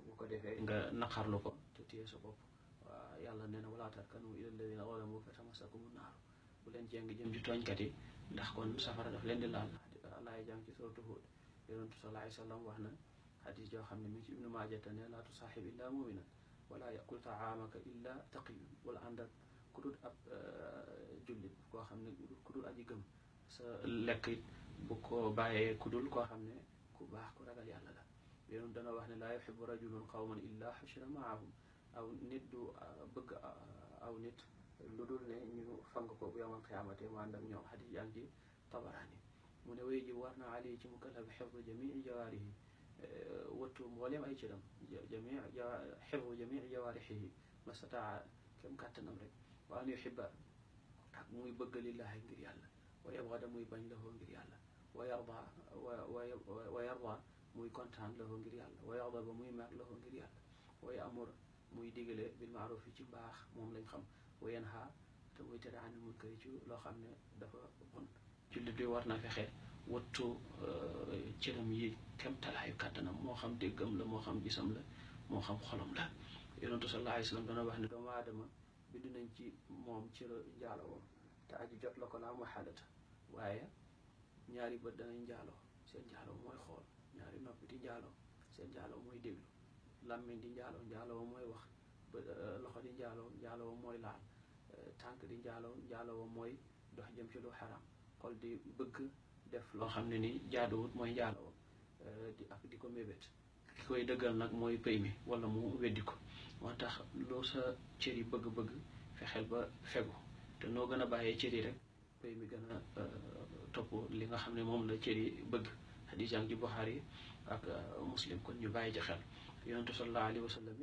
bu ko defee nga lu ko te téye sa bopp waaw yàlla nee na walaa tarkanu ilal ladina zalamu fa tamassakumu naaru bu leen jeng jëm ci tooñkat yi ndax kon safara daf leen di laal allah yi jàng ci suratu Hud yonentu sallallahu alayhi wa sallam wax na xadis joo xam ne mi ci ibnu Maaja te ne laa tusaaxib illaa muminan wala yaqul taamaka illaa taqiyun wala ànd ak ku dul ab eh, jullit koo xam ne ku dul aji lekk it ko bàyyee ku dul koo xam ne ku baax ku ragal yàlla la dana wax ne laa yuxibu rajulun qawman illaa xushira maahum aw nit du ah, bëgg ah, aw nit lu dul ne ñu fang ko bu yamal xiyaamate mu ànd ak ñoom xadis yaa ngi ci tabaraani mu ne wéy ji war na ali ci mukallaf xifdu jamii jawaarihi eh, wattu mboolem ay cëram jamii xifdu jamii jawaarihi mastataa kem kàttanam rek wa an yuhibba ak muy bëgg lillaahi ngir yàlla wa yabgada muy bañ la ngir yàlla wa yarda wa yarda muy kontaan la ngir yàlla wa yarda ba muy maag la ngir yàlla wa yamur muy digale bil maaruf yi ci mbaax moom lañ xam wayen xaar te muy tere ànd mu koy ci loo xam ne dafa bon jullit bi war naa fexe wattu euh, cëram yi kem talaayu kàttanam moo xam déggam la moo xam gisam la moo xam xolam la yonentu sallallahu alayhi wa sallam dana wax ne doomu aadama bind nañ ci moom cëra njaalawoo te aji jot la ko laa ma xaalata waaye ñaari bët danañ njaaloo seen njaaloo mooy xool ñaari noppi di njaaloo seen njaaloo mooy déglu làmmiñ di njaaloo njaaloo mooy wax euh, loxo di njaaloo njaaloo mooy laal tànk di njaaloo njaaloo mooy dox jëm ci lu xaram xol di bëgg def loo xam ne ni jaaduwut mooy njaaloo euh, di ak di ko mébét ki koy dëggal nag mooy pay mi wala mu weddi ko moo tax loo sa cër bëgg-bëgg fexeel ba fegu te noo gën a bàyyee cër yi rek pay mi gën a euh, topp li nga xam ne moom la cër yi bëgg xadis yaa ngi ci Buxaari ak euh, muslim kon ñu bàyyi ci xel yonentu sallallahu alayhi wa sallam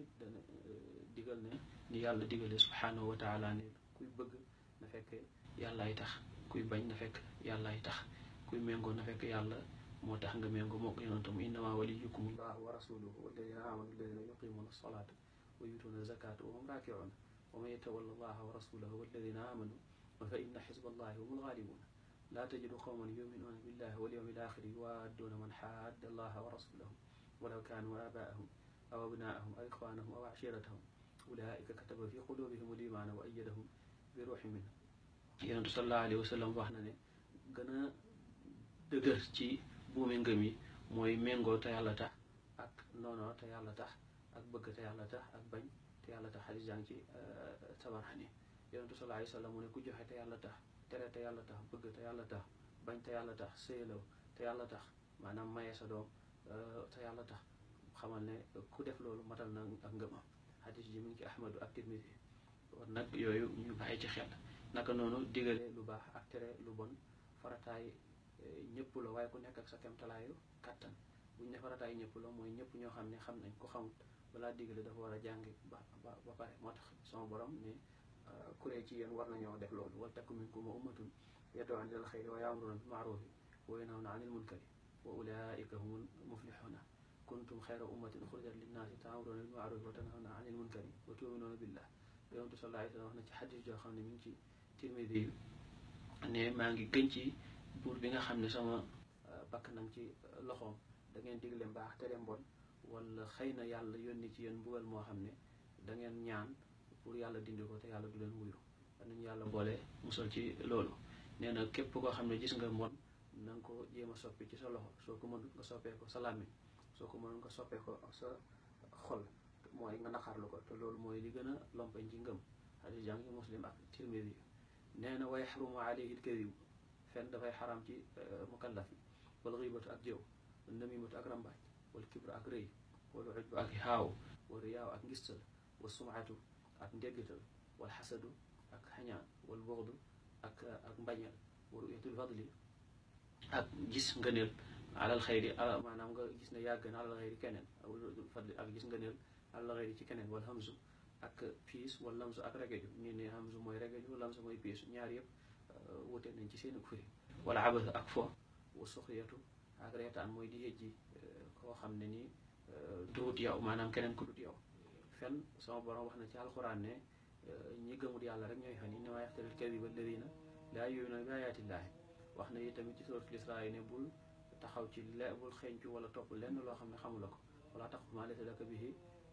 digal ne ni yàlla digale subhanahu wa taala ne kuy bëgg na fekk yàllaay tax kuy bañ na fekk yàllaay tax kuy méngoo na fekk yàlla moo tax nga méngoo moo ko yonantam innama waliyukum allahu wa rasuluhu walladina amanu alladina yuqimuna salata wa yutuna zakata wa hum raakiuuna wa man yatawalla allaha wa rasulahu walladina amanu fa inna xisba allahi hum alxaalibuna laa tajidu qawman yuminuuna billahi wal yawmi al axiri yuwaadduuna man xaadda allaha wa rasulahu walaw kaanu abaahum aw abnaahum aw ixwaanahum aw ashiratahum ulaika kataba fi qulubihim al imaana wa ayyadahum bi ruuxi min yonent bi sallallahu alayhi wax na ne gën a dëgër ci buumi ngëm yi mooy méngoo te yàlla tax ak noonoo te yàlla tax ak bëgg te yàlla tax ak bañ te yàlla tax xadis jàng ci Tabarani yonent bi sallallahu alayhi wa sallam joxe te yàlla tax tere te yàlla tax bëgg te yàlla tax bañ te yàlla tax sëyalaw te yàlla tax maanaam maye sa doom te yàlla tax xamal ne ku def loolu matal na ak ngëmam xadis ji mi ngi ci Ahmadu ak Tirmidi kon nag yooyu ñu ci xel naka noonu digale lu baax ak tere lu bon farataay eh, ñëpp la waaye ku nekk ak sa kemtalaayu kàttan bu ñu ne farataay ñëpp loo mooy ñëpp ñoo xam ne xam nañ ko xamut balaa digale dafa war a jàng ba ba pare moo tax sama borom ne ah, kuré ci yéen war nañoo def loolu wal takun minkum ummatun yad'uuna ilal xayri wa ya'muruuna bil ma'ruufi wa yanhawna 'anil munkari wa ulaa'ika humul muflihuuna kuntum xayra ummatin uxrijat linnaasi ta'muruuna bil ma'ruufi wa tanhawna 'anil munkari wa tu'minuuna billah yonent sallallahu alayhi wa sallam wax na ci xadis joo xam ne mi ngi ci Tirmidi yu ne maa ngi gën ci buur bi nga xam ne sama euh, bakkanam ci loxoom da ngeen digle mbaax tere mbon wala xëy na yàlla yónni ci yéen mbugal moo xam ne da ngeen ñaan pour yàlla dindi ko te yàlla du leen wuyu nañu yàlla boole musal ci loolu nee na képp koo xam ne gis nga mbon na ko jéem a soppi ci sa loxo soo ko mën nga soppee ko sa làmmiñ soo ko mën nga soppee ko sa xol mooy nga naqarlu ko te loolu mooy li gën a lompañ ci ngëm xadis muslim ak tirmidi nee na way xarumu alayhi kadib fenn dafay xaram ci euh, mukallaf yi wal xibatu ak jëw wal namimatu ak rambaaj wal kibra ak rëy wal ujbu ak haaw wal riyaaw ak ngistal wal sumaatu ak ndéggatal wal xasadu ak xañaan wal buxdu ak euh, ak mbañal wal fadli ak gis ngëneel alal xayri maanaam nga gis ne yàgg na alal xayri keneen àllxëy ci keneen wal hamzu ak piis wal lamzu ak regeju ñu ne hamzu mooy regeju lamzu mooy piis ñaar yëpp euh, wute nañ ci seen firi wala abas ak fo wa suxriyatu ak reetaan mooy di yëjji euh, koo xam ne nii euh, duut yaw maanaam keneen ku dut yow fen sama borom wax na ci alxuraan ne ñi gëmul yàlla rek ñooy fen yi ne waa yaxtaril kadiba alladina laa yu'minuuna bi ayaatillaahi wax na itamit ci suratul israa yi ne bul taxaw ci le bul xeeñcu wala topp lenn loo xam ne xamula ko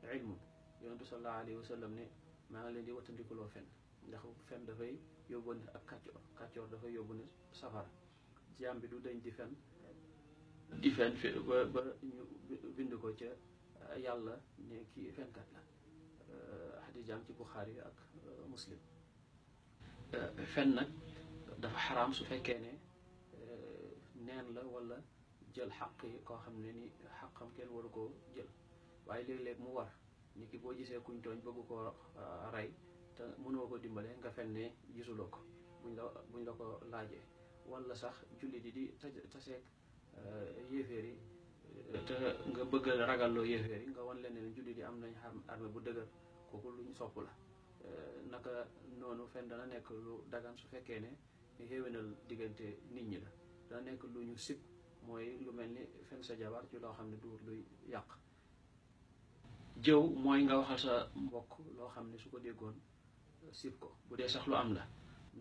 ilmu yonentu sallallahu alayhi maa ngi leen di wattandikuloo fen ndax fen dafay yóbbu nit yóbbu nit safara jaam bi du dañ di fen di fen ba ba ñu bind ko ca yàlla ne kii fenkat la euh, xadis jaam ci buxaari ak euh, muslim euh, fen nag dafa xaraam su fekkee ne neen la walla jël xaq yi koo xam ne ni xaqam kenn waru koo jël waaye léeg-léeg mu war nit ki boo gisee kuñ tooñ bëgg ko ah, rey te mënoo ko dimbalee nga fen ne gisuloo ko buñ la buñ la ko laajee wala sax jullit yi di taseeg eh, yéeféer yi eh, te nga bëgg ragalloo yéeféer yi nga wan leneen ne jullit am nañ arme bu dëgër kooku luñ sopp la eh, naka noonu fen dana nekk lu dagan su fekkee ne xéwénal diggante nit ñi la dana nekk lu ñu sib mooy lu mel ni fen sa jabar ci loo xam ne duur luy yàq jëw mooy nga waxal sa mbokk loo xam ne su ko déggoon sib ko bu dee sax lu am la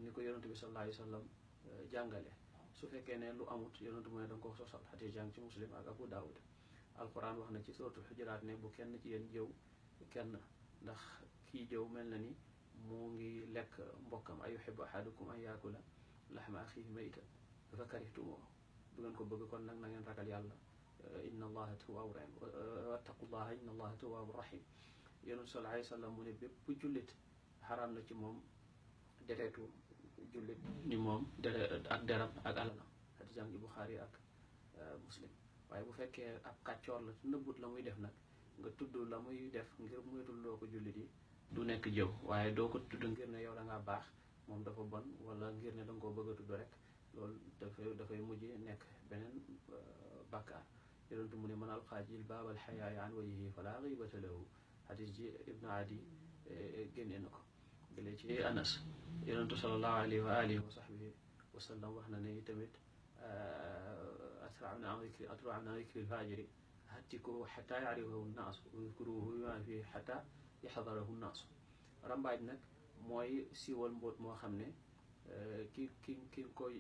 ni ko yonent bi sallallahu alayhi wa eh, jàngale su fekkee ne lu amut yonent mu ne danga ko sosal xatee jàng ci muslim ak abu daawud alquran wax na ci suratul xujuraat ne bu kenn ci yéen jëw kenn ndax kii jëw mel na ni mu ngi lekk mbokkam ay yuhibbu ahadukum an yaakula laxma axiihi maytan fa karihtumoo du ngeen ko bëgg kon nag na ngeen ragal yàlla inna allaha tawwaabu rahim wattaqullaha inna allaha tawwaabu rahim yonent sal salaam mu ne bépp jullit xaraam na ci moom deretu jullit ni moom dere ak deram ak alalam xadis am ji Buxaari ak euh, muslim waaye bu fekkee ak kàccoor la nëbbut la muy def nag nga tudd la muy def ngir moytul loo ko jullit yi du nekk jëw waaye doo ko tudd ngir ne yow da ngaa baax moom dafa bon wala ngir ne danga nga koo bëgg a tudd rek loolu dafay dafay mujj nekk beneen euh, bakka yonentu mu ne man alqaajil baabal xayaay an wajhihi falaa xibata lahu xadis ji ibnu adi génne na ko jëlee ci anas yonentu salallahu alayhi wa alihi wa sahbihi wa sallam wax na ne tamit atraana an dikri atraana an dikri lfajiri hattikuhu xata yarifahu naasu wadkuruhu bima fihi xata yaxdarahu naasu rambaaj nag mooy siiwal mbóot moo xam ne ki ki ki koy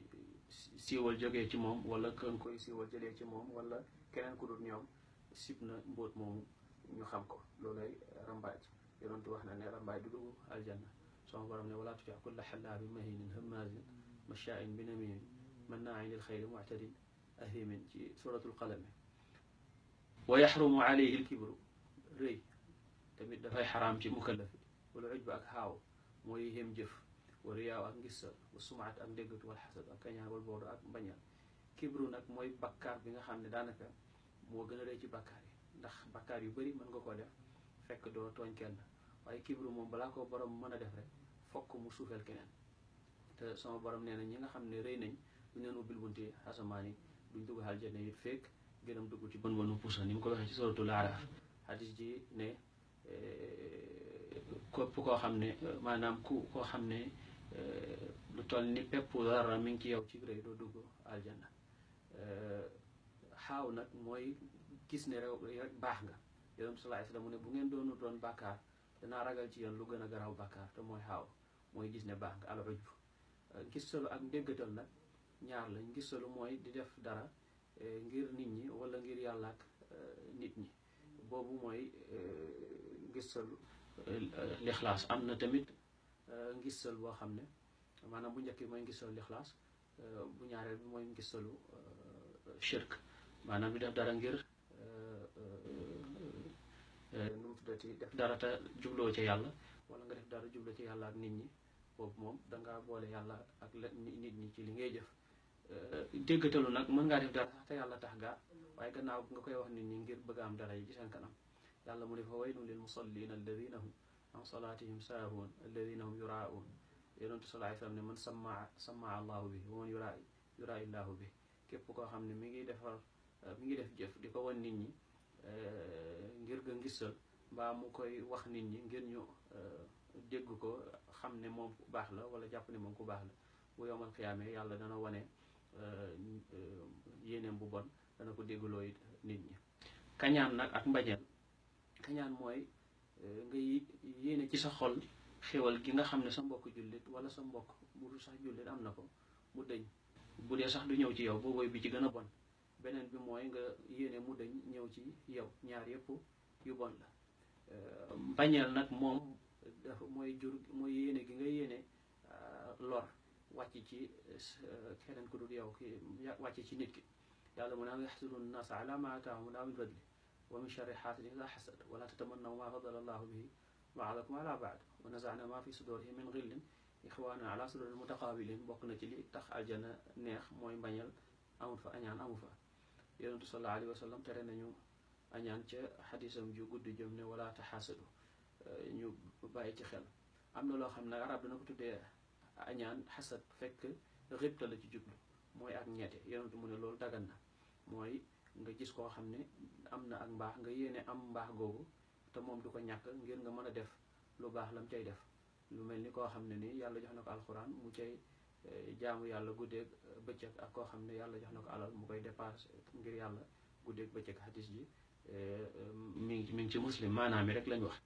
siiwal jógee ci moom wala kan koy siiwal jëlee ci moom wala keneen ku dul ñoom sib na mbóot moomu ñu xam ko loolay rambaaj yonentu wax na ne rambaaj du dugg aljanna sama borom ne wala tuti kulla xallaabin mahiinin hammazin mashaain binamimin mannaain lil xayri muctadin ahimin ci suratul qalami wa yaxrumu alayhi lkibru rëy wa riyaaw ak ngissal wa sumaat ak ndéggatu wal xasad ak kañaan wal nag mooy bakkaar bi nga xam ne daanaka moo gën a ci bakkaar ndax bakkaar yu bëri mën nga koo fekk doo kenn waaye kibru moom balaa ko borom mën a def rek fokk mu suufeel keneen te sama borom nee na ñi nga xam ne rëy nañ duñ leen ubbil bunti asamaan yi duñ dugg aljanna it fekk gënam dugg ci bon wanu puusa ni mu ko waxee ci suratul Araf hadis ji ne eh, képp koo xam ne eh, maanaam ku koo xam ne lu toll ni pepp dara mi ngi ci yow ci rëy doo dugg aljanna eh, xaaw nag mooy gis ne rew rek baax nga yonent sallallahu alayhi wasallam mu ne bu ngeen doonu doon bàkkaar danaa ragal ci yoon lu gën a garaaw bàkkaar te mooy xaaw mooy gis ne baax nga al gis eh, ngistalu ak ndéggatal nag ñaar la ngistalu mooy di def dara eh, ngir nit ñi walla ngir yàlla ak nit ñi boobu mooy ngistalu lixlaas am na tamit Euh, ngistal boo xam ne maanaam bu njëkk bi mooy ngistalu lixlaas euh, bu ñaareel bi mooy ngistalu euh, shirk maanaam ñu def dara ngir nu mu tuddati def dara te jubloo ca yàlla wala nga def dara jubloo ci yàlla ak nit ñi boobu moom dangaa boole yàlla ak la nit ñi ci li ngay jëf déggatalu nag mën ngaa def dara sax te yàlla tax gaa waaye gannaaw nga koy wax nit ñi ngir bëgg am dara yi ci seen kanam yàlla mu ne fa waylun lil musallin alladina hum an salaatihim saahuun alladina hum yuraaun yonentu salaai sallam ne man samma samma allahu bi wa man yuraa yuraa illahu bi képp koo xam ne mi ngi defar mi ngi def jëf di ko wan nit ñi eh, ngir ga ngisal mbaa mu koy wax nit ñi ngir ñu eh, dégg ko xam ne moom ku baax la wala jàpp ne moom ku baax la bu yowmal xiyaamee yàlla dana wane eh, yéeneem bu bon dana ko déggloo it nit ñi kañaan nag ak mbañeel kañaan mooy Euh, nga yéene ci sa xol xéwal gi nga xam ne sa mbokk jullit wala sa mbokk bu dul sax jullit am na ko mu dëñ bu dee sax du ñëw ci yow boobooy bi ci gën a bon beneen bi mooy nga yéene mu dëñ ñëw ci yow ñaar yëpp yu bon la euh, mbañeel nag moom dafa mooy jur mooy yéene gi nga yéene euh, lor wàcc ci keneen ku dul yow ki wàcc ci nit ki yàlla mu ne naa yaxsudun naasa ala ma ataahum min fadli wa min sharri xaasidin idaa xasad wa laa tatamannaw maa fadala allaahu bihi baadakum alaa baad wa nazana maa fi sudurihim min xillin ixwaana alaa sururin mutaqaabilin bokk na ci li tax aljana neex mooy mbañal amul fa añaan amu fa yonentu sallallahu alayhi wa sallam tere nañu añaan ca xadisam ju gudd jëm ne wala taxaasadu ñu bàyyi ci xel am na loo xam ne arab dina ko tuddee añaan xasad fekk ribta la ci jublu mooy ak ñeete yonentu mu ne loolu dagan na nga gis koo xam ne am na ak mbaax nga yéene am mbaax googu te moom du ko ñàkk ngir nga mën a def lu baax lam cay def lu mel ni koo xam ne ni yàlla jox na ko alxuraan mu cay eh, jaamu yàlla guddeeg bëccëg ak koo xam ne yàlla jox na ko alal mu koy dépassé ngir yàlla guddeeg bëccëg hadis ji eh, mi ngi mi ngi ci muslim maanaam rek lañ wax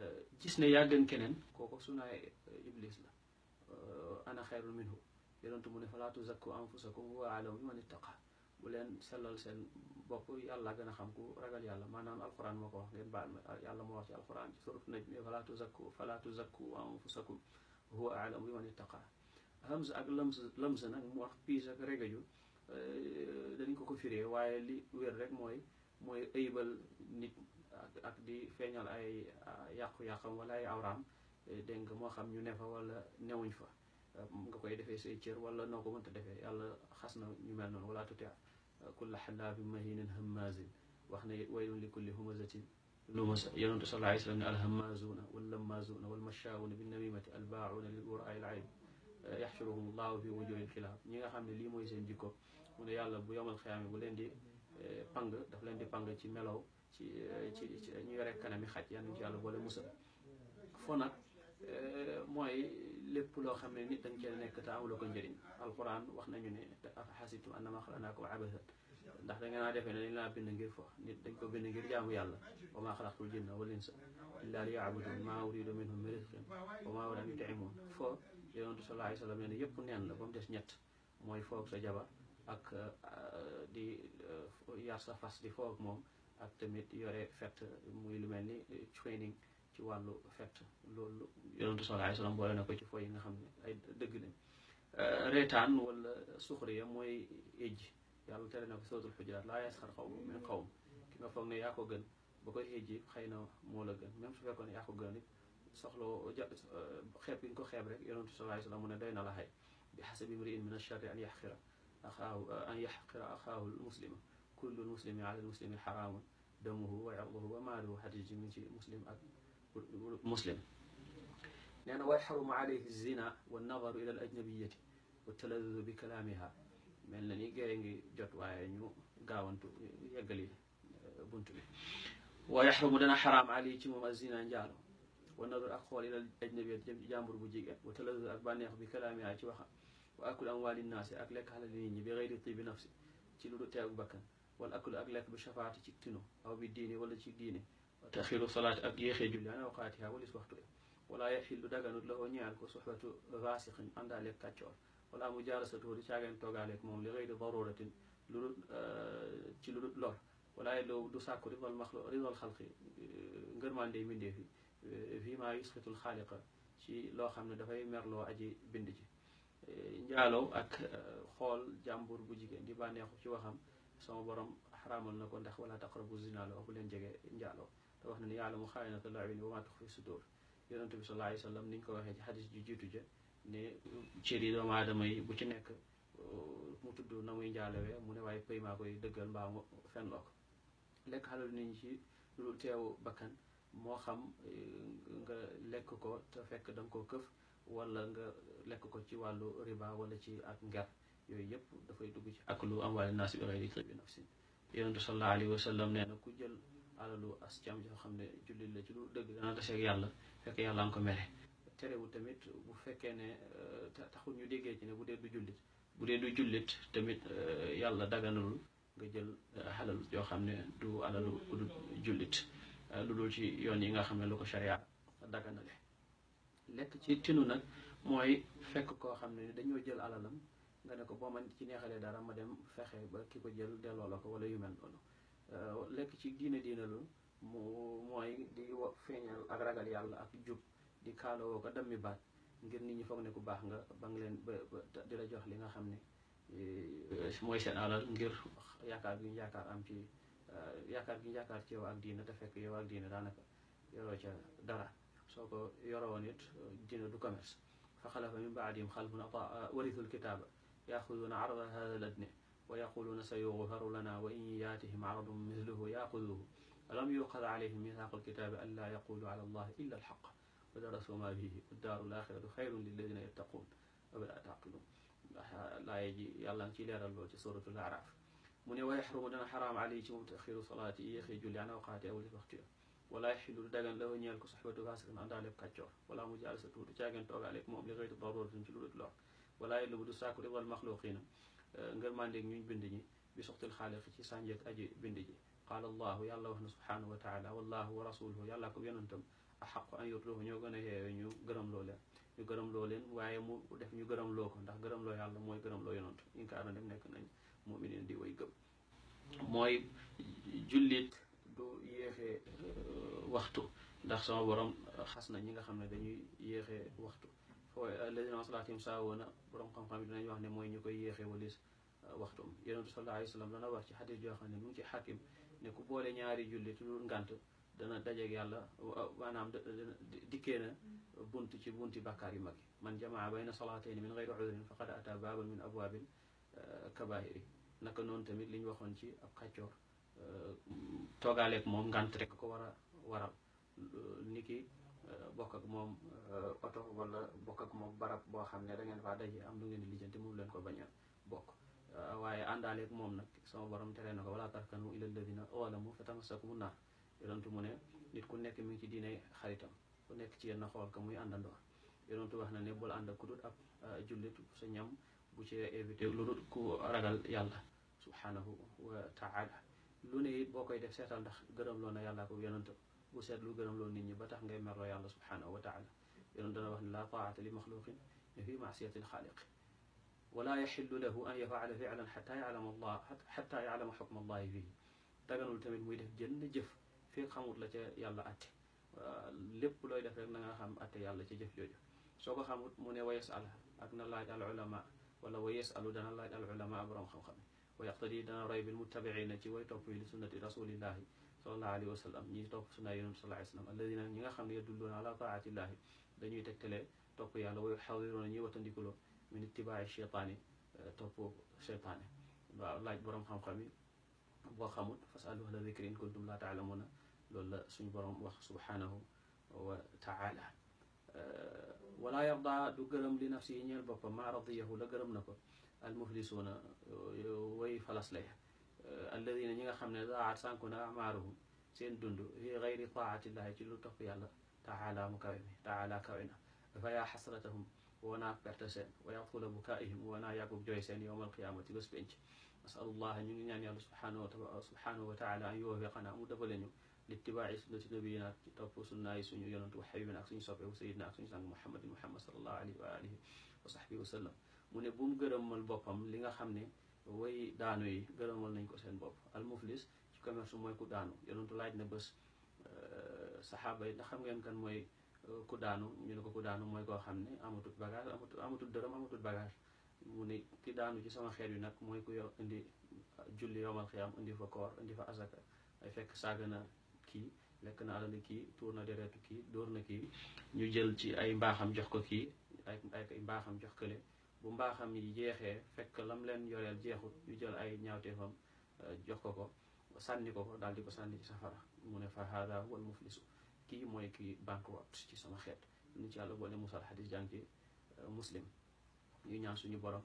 eh, gis ne yaa gën keneen kooku sunaay iblis la ana xayrun minhu yonentu mu ne falaatu zakku anfusakum huwa alamu bi man ittaqa bu leen sellal seen bopp yàlla gën a xam ku ragal yàlla maanaam alquran moo ko wax ngeen baal ma yàlla moo wax ci alquran ci suratu najm fala tuzakku fala tuzakku anfusakum huwa a'lamu bi man ittaqa hamz ak lamz lamz nag mu wax piis ak regaju eh, dañ ko ko firee waaye li wér rek mooy mooy ëybal nit ak ak di feeñal ay yàqu-yàqam wala ay awraam eh, dégg nga moo xam ñu ne fa wala newuñ fa nga koy defee say cër wala noo ko mënta defee yàlla xas na ñu mel noonu wala tutea kulla xallaafin mahiinin hammaazin wax ne waylun li kulli humazatin lumasa yonentu sallallaahu alayhi wa sallam ne alhammaazuuna wallammaazuuna walmashshaa'uuna binnamiimati albaa'uuna lil uraa'i la'ib yaxshuruhum llaahu fi wujuuhil xilaaf ñi nga xam ne lii mooy seen jikko mu ne yàlla bu yomal xiyaame bu leen di eh, pang daf leen di pang ci melow eh, ci ci ci ñu yore kanami xaj yal nañu ci yàlla boole musal fo nag eh, mooy lépp loo xam ne nit dañ cee nekk te la ko njëriñ alquran wax nañu ne te xasibtum annamaa xalaqnaakum abathan ndax da naa defee ne dañ laa bind ngir fo nit dañ ko bind ngir jaamu yàlla wa maa xalaqtul jinna wal insa illaa liya'budun maa uriidu minhum min rizqin wa maa uriidu an yut'imuun foo yonentu sallallaahu alayhi wa sallam ne yëpp neen la ba des ñett mooy foog sa jaba ak euh, di euh, yar sa fas di foog moom ak tamit yore fett muy lu mel ni euh, training ci wàllu fet loolu yonentu sallallahu alayhi wasallam boole na ko ci foo yi nga xam ne ay dëgg lañ euh, reetaan wala suxriya mooy ejj yàlla tere na ko suratul xujuraat laa yasxar xawm min xawm ki nga foog ne yaa ko gën ba koy ejji xëy na moo la gën même su fekkoon ne yaa ko gën it soxloo ja euh, xeeb gi nga ko xeeb rek yonentu sallallahu alayhi wasallam mu ne doy na la xay bi xasabi mriin min acharri an yaxqira axaahu an yaxqira axaahu l muslima kullu l muslimi ala l muslimi xaraamun damuhu wa irduhu wa maaluhu xadis ji mi ngi ci muslim ak muslim nee na wa yaxrumu alayhi zina wa nadaru ila al ajnabiyati wa talazuzu bi kalaamiha mel na ni gére ngi jot waaye ñu gaawantu yeggali eh, bunt bi
wa yaxrumu dana xaraam
alayhi ci moom azina njaalo wa nadaru ak xool ila al ajnabiyati jëm ci jàmbur bu jigéen wa talazuzu ak bànneex bi kalaamiha ci waxam wa akul amwaali naasi ak lekk xalal nit ñi bi xeyri tibi nafsi ci lu du teegu bakkan wala akul ak lekk bi shafaati ci tino aw bi diine wala ci diine taxilu salaat ak yéexee julli an awqaatiha walis waxtu wala yaxillu daganut la ko ñeel ko suxbatu vaasixin àndaaleeg kàccoor wala mu jaalasatoo di caageen toogaaleeg moom li gayri daruratin lu ci lu lor wala loolu du sàkku ridal maxlu ridal xalqi ngërmaan day bindee fi fii maa yusxitul ci loo xam ne dafay merloo aji bind ji njaaloo ak xool jàmbur bu jigéen di bànneexu ci waxam sama borom xaraamal na ko ndax wala taqrabu zina la bu leen jege njaaloo te wax na ni yaalamu xaa'inata al-a'yun wa maa tuxfi sudur yonent bi sallallahu wa sallam ni ko waxee ci xadis ji jiitu ja ne cër yi doomu aadama yi bu ci nekk uh, mu tudd na muy njaalewee mu ne waaye pëy maa koy dëggal mbaa mu fenn ko lekk xalal nit ñi ci lu teew bakkan moo xam uh, nga lekk ko te fekk da nga koo këf wala nga lekk ko ci wàllu riba wala ci ak nger yooyu yëpp dafay dugg ci ak lu am wàllu naas bi xayri tibi nafsin yonent sallallahu alalu as yoo xam ne jullit la ci lu dëgg dana taseeg yàlla fekk yàlla nga ko mere terewul tamit bu fekkee ne euh, taxul ñu déggee ci ne bu dee du jullit bu dee du jullit tamit euh, yàlla daganalul nga jël euh, alal joo xam ne du alalu ku du jullit lu dul ci yoon yi nga xam ne lu ko sharia daganale lekk ci tinu nag mooy fekk koo xam ne dañoo jël alalam nga ne ko boo ma ci neexalee dara ma dem fexe ba ki ko jël delloo la ko wala yu mel noonu Euh, lekk ci diine diine lu mu mooy di wa feeñal ak ragal yàlla ak jub di kaalawoo ko dammi baat ngir nit ñi foog ne ku baax nga ba nga leen ba di la jox li nga xam ne eh, mooy seen alal ngir yaakaar gi yaakaar am ci eh, yaakaar gi ñu yaakaar ci yow ak diina te fekk yow ak diina daanaka yoroo ca dara soo ko yorowoon it diina du commerce fa xalafa min baadihim xalfun warithu lkitaaba yaaxuduuna arda haada l-adnaa wa yaquluuna sa yughfaru lana wa in yaatihim aradun misluhu yaaxuduhu alam yuqad alayhim mithaaqul kitaabi an laa yaqulu ala allahi illa alxaq wa darasuu maa fiihi wa daaru laaxiratu xayrun lilladina yattaquun afalaa taqilun ndax laay ji yàlla ngi ciy leeral lool ci suratul araaf mu ne wa yaxrumu dana xaraam alayhi ci moom taxiru salaati yi yéexee julli an awqaati awli waxtu ya wala xilu dagan la ñeel ko soxbatu faasiqin àndaaleeb kàccoor wala mu jaalisa tuuti caageen toogaaleeg moom li xëytu daruratin ci lu dul lor wala yellubu du sàkku ridal maxluqiina Euh, ngërmandeeg ñuñ bind ñi bi suxtil xaaliqi ci sànjeeg aji bind ji qaala allahu yàlla wax na subhaanahu wa taala wallahu wa rasuluhu yàlla ko yonantam a xaqu an yurduhu ñoo gën a yeewe ñu gërëm loo leen ñu gërëm loo leen waaye mu def ñu gërëm loo ko ndax gërëm loo yàlla mooy gërëm loo yonantu in ka aana dem nekk nañ muminin di way gëm mooy jullit du yéexee euh, waxtu ndax sama borom xas na ñi nga xam ne dañuy yéexe waxtu alladina a saawoona borom xam-xam yi wax ne mooy ñu koy yéexee walis euh, waxtum yonentu sallallahu alayhi wa sallam dana wax ci xadis joo xam ne mu ngi ci xakim ne ku boole ñaari julli ci lu ngànt dana dajeeg yàlla maanaam dikkee na bunt ci bunti bàkkaar yu mag man jamaa bayna salaatayni min gayri udrin faqad ata baaban min abwaabil euh, kabaa'iri naka noonu tamit li ñu waxoon ci ab xàccoor euh, toogaaleeg moom ngant rek ko war a waral niki bokk ak moom euh, oto wala bokk ak moom barab boo xam ne da ngeen faa daje am lu ngeen di lijjanti mënu leen ko bañ a bokk euh, waaye àndaaleeg moom nag sama borom tere na ko wala tarkanu ila alladina awalamu fa tamassakumu naar yonentu mu ne ku nekk mi ngi ci diine xaritam ku nekk ci yenn xool ka muy àndandoo wax na ne bul ànd ku dut ab euh, jullit sa ñam bu lu dut ku ragal yàlla subhanahu wa taala lu ne it boo koy def seetal ndax gërëm loo na yàlla ko yonentu bu seet lu gërëm loolu nit ñi ba tax ngay merloo yàlla subhanahu wa taala yonoon dana wax ne laa taata li maxluqin fi maasiyati alxaaliq wala yaxillu lahu an yafaala filan xata yalama allah xata yalama xukma allahi fihi daganul tamit muy def jënn jëf fekk xamut la ca yàlla atte lépp looy def na nga xam atte yàlla ca jëf jooju soo ko xamut mu ne wa yasal ak na laaj al ulama wala wa yasalu dana laaj al ulama borom xam-xam wa yaqtadi dana roy bil muttabiina ci way topp yi li sunnati rasulillahi sallallahu alayhi wa sallam ñi topp sunna yonent sallallahu alayhi wa sallam alladina ñi nga xam ne yadulluuna ala taatillahi dañuy tegtalee topp yàlla wayu xawdiroona ñuy watandikuloo min ittibaai cheytaani euh, topp cheytaane waaw laaj boroom xam-xam yi boo xamul fasalu ahla dikri in kuntum laa taalamuuna loolu la suñu boroom wax subhaanahu wa taala euh, wala yarda du gërëm li nafsi yi ñeel boppam maa radiyahu la gërëm na ko almuflisuuna euh, way falas laya Eh, alladina ñi nga xam ne daat sànku na amaaruhum seen dund fi gayri taatillahi ci lu topp yàlla taala mu kawe mi taala kawe na fa yaa xasratahum woonaa perte seen wa yaqula bukaihim woonaa yàggub jooy seen yowma alqiyaamati bés penc nasalullah ñu ngi ñaan yàlla subhanahu wa taala an yuwafiqana mu defale ñu litibaaci sunnati nabiyina ci topp sunna yi suñu yonantu wa xabibina ak suñu soppeeku sayidina ak suñu sang muhammadin muhammad salallahu alayhi wa alihi wa sahbihi wa sallam mu ne bu mu gërëmal boppam li nga xam ne way daanu yi gërëmal nañ ko seen bopp almuflis ci commerce mooy ku daanu yonentu laaj na bés euh, saxaaba yi ndax xam ngeen kan mooy euh, ku daanu ñu ne ko ku daanu mooy koo xam ne amatul bagage amatul amatul dërëm amatul bagage mu ne ki daanu ci sama xeet yi nag mooy ku yor indi euh, julli yomal am indi fa koor indi fa asaka ay fekk saaga na kii lekk na alal kii tuur na deretu kii dóor na kii ñu jël ci ay mbaaxam jox ko kii ay mbaaxam jox kële bu mbaaxam yi jeexe fekk lam leen yoreel jeexut ñu jël ay ñaawteefam euh, jox ko ko sànni ko ko daal di ko sànni ci safara mu ne fa haada wal muflisu kii mooy kii bankrupt ci sama xeet ñu ci yàlla boole musal xadis jàng ci euh, muslim ñu ñaan suñu borom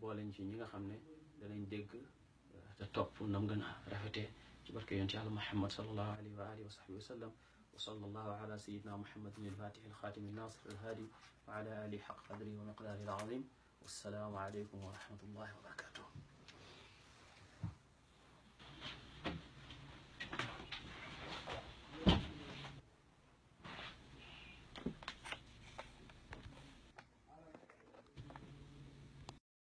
boole ñu ci ñi nga xam ne danañ dégg euh, te topp nam gën a rafetee ci barke yonent yàlla muhammad salallahu alayhi wa alihi wa sahbihi wa sallam wa sallallahu ala sayidina muhammadin alfatixi alxaatimi nasir alhaadi wa ala alihi xaq qadri wa miqdaari wassalaamu aleykum wa rahmatullahi wa barakatu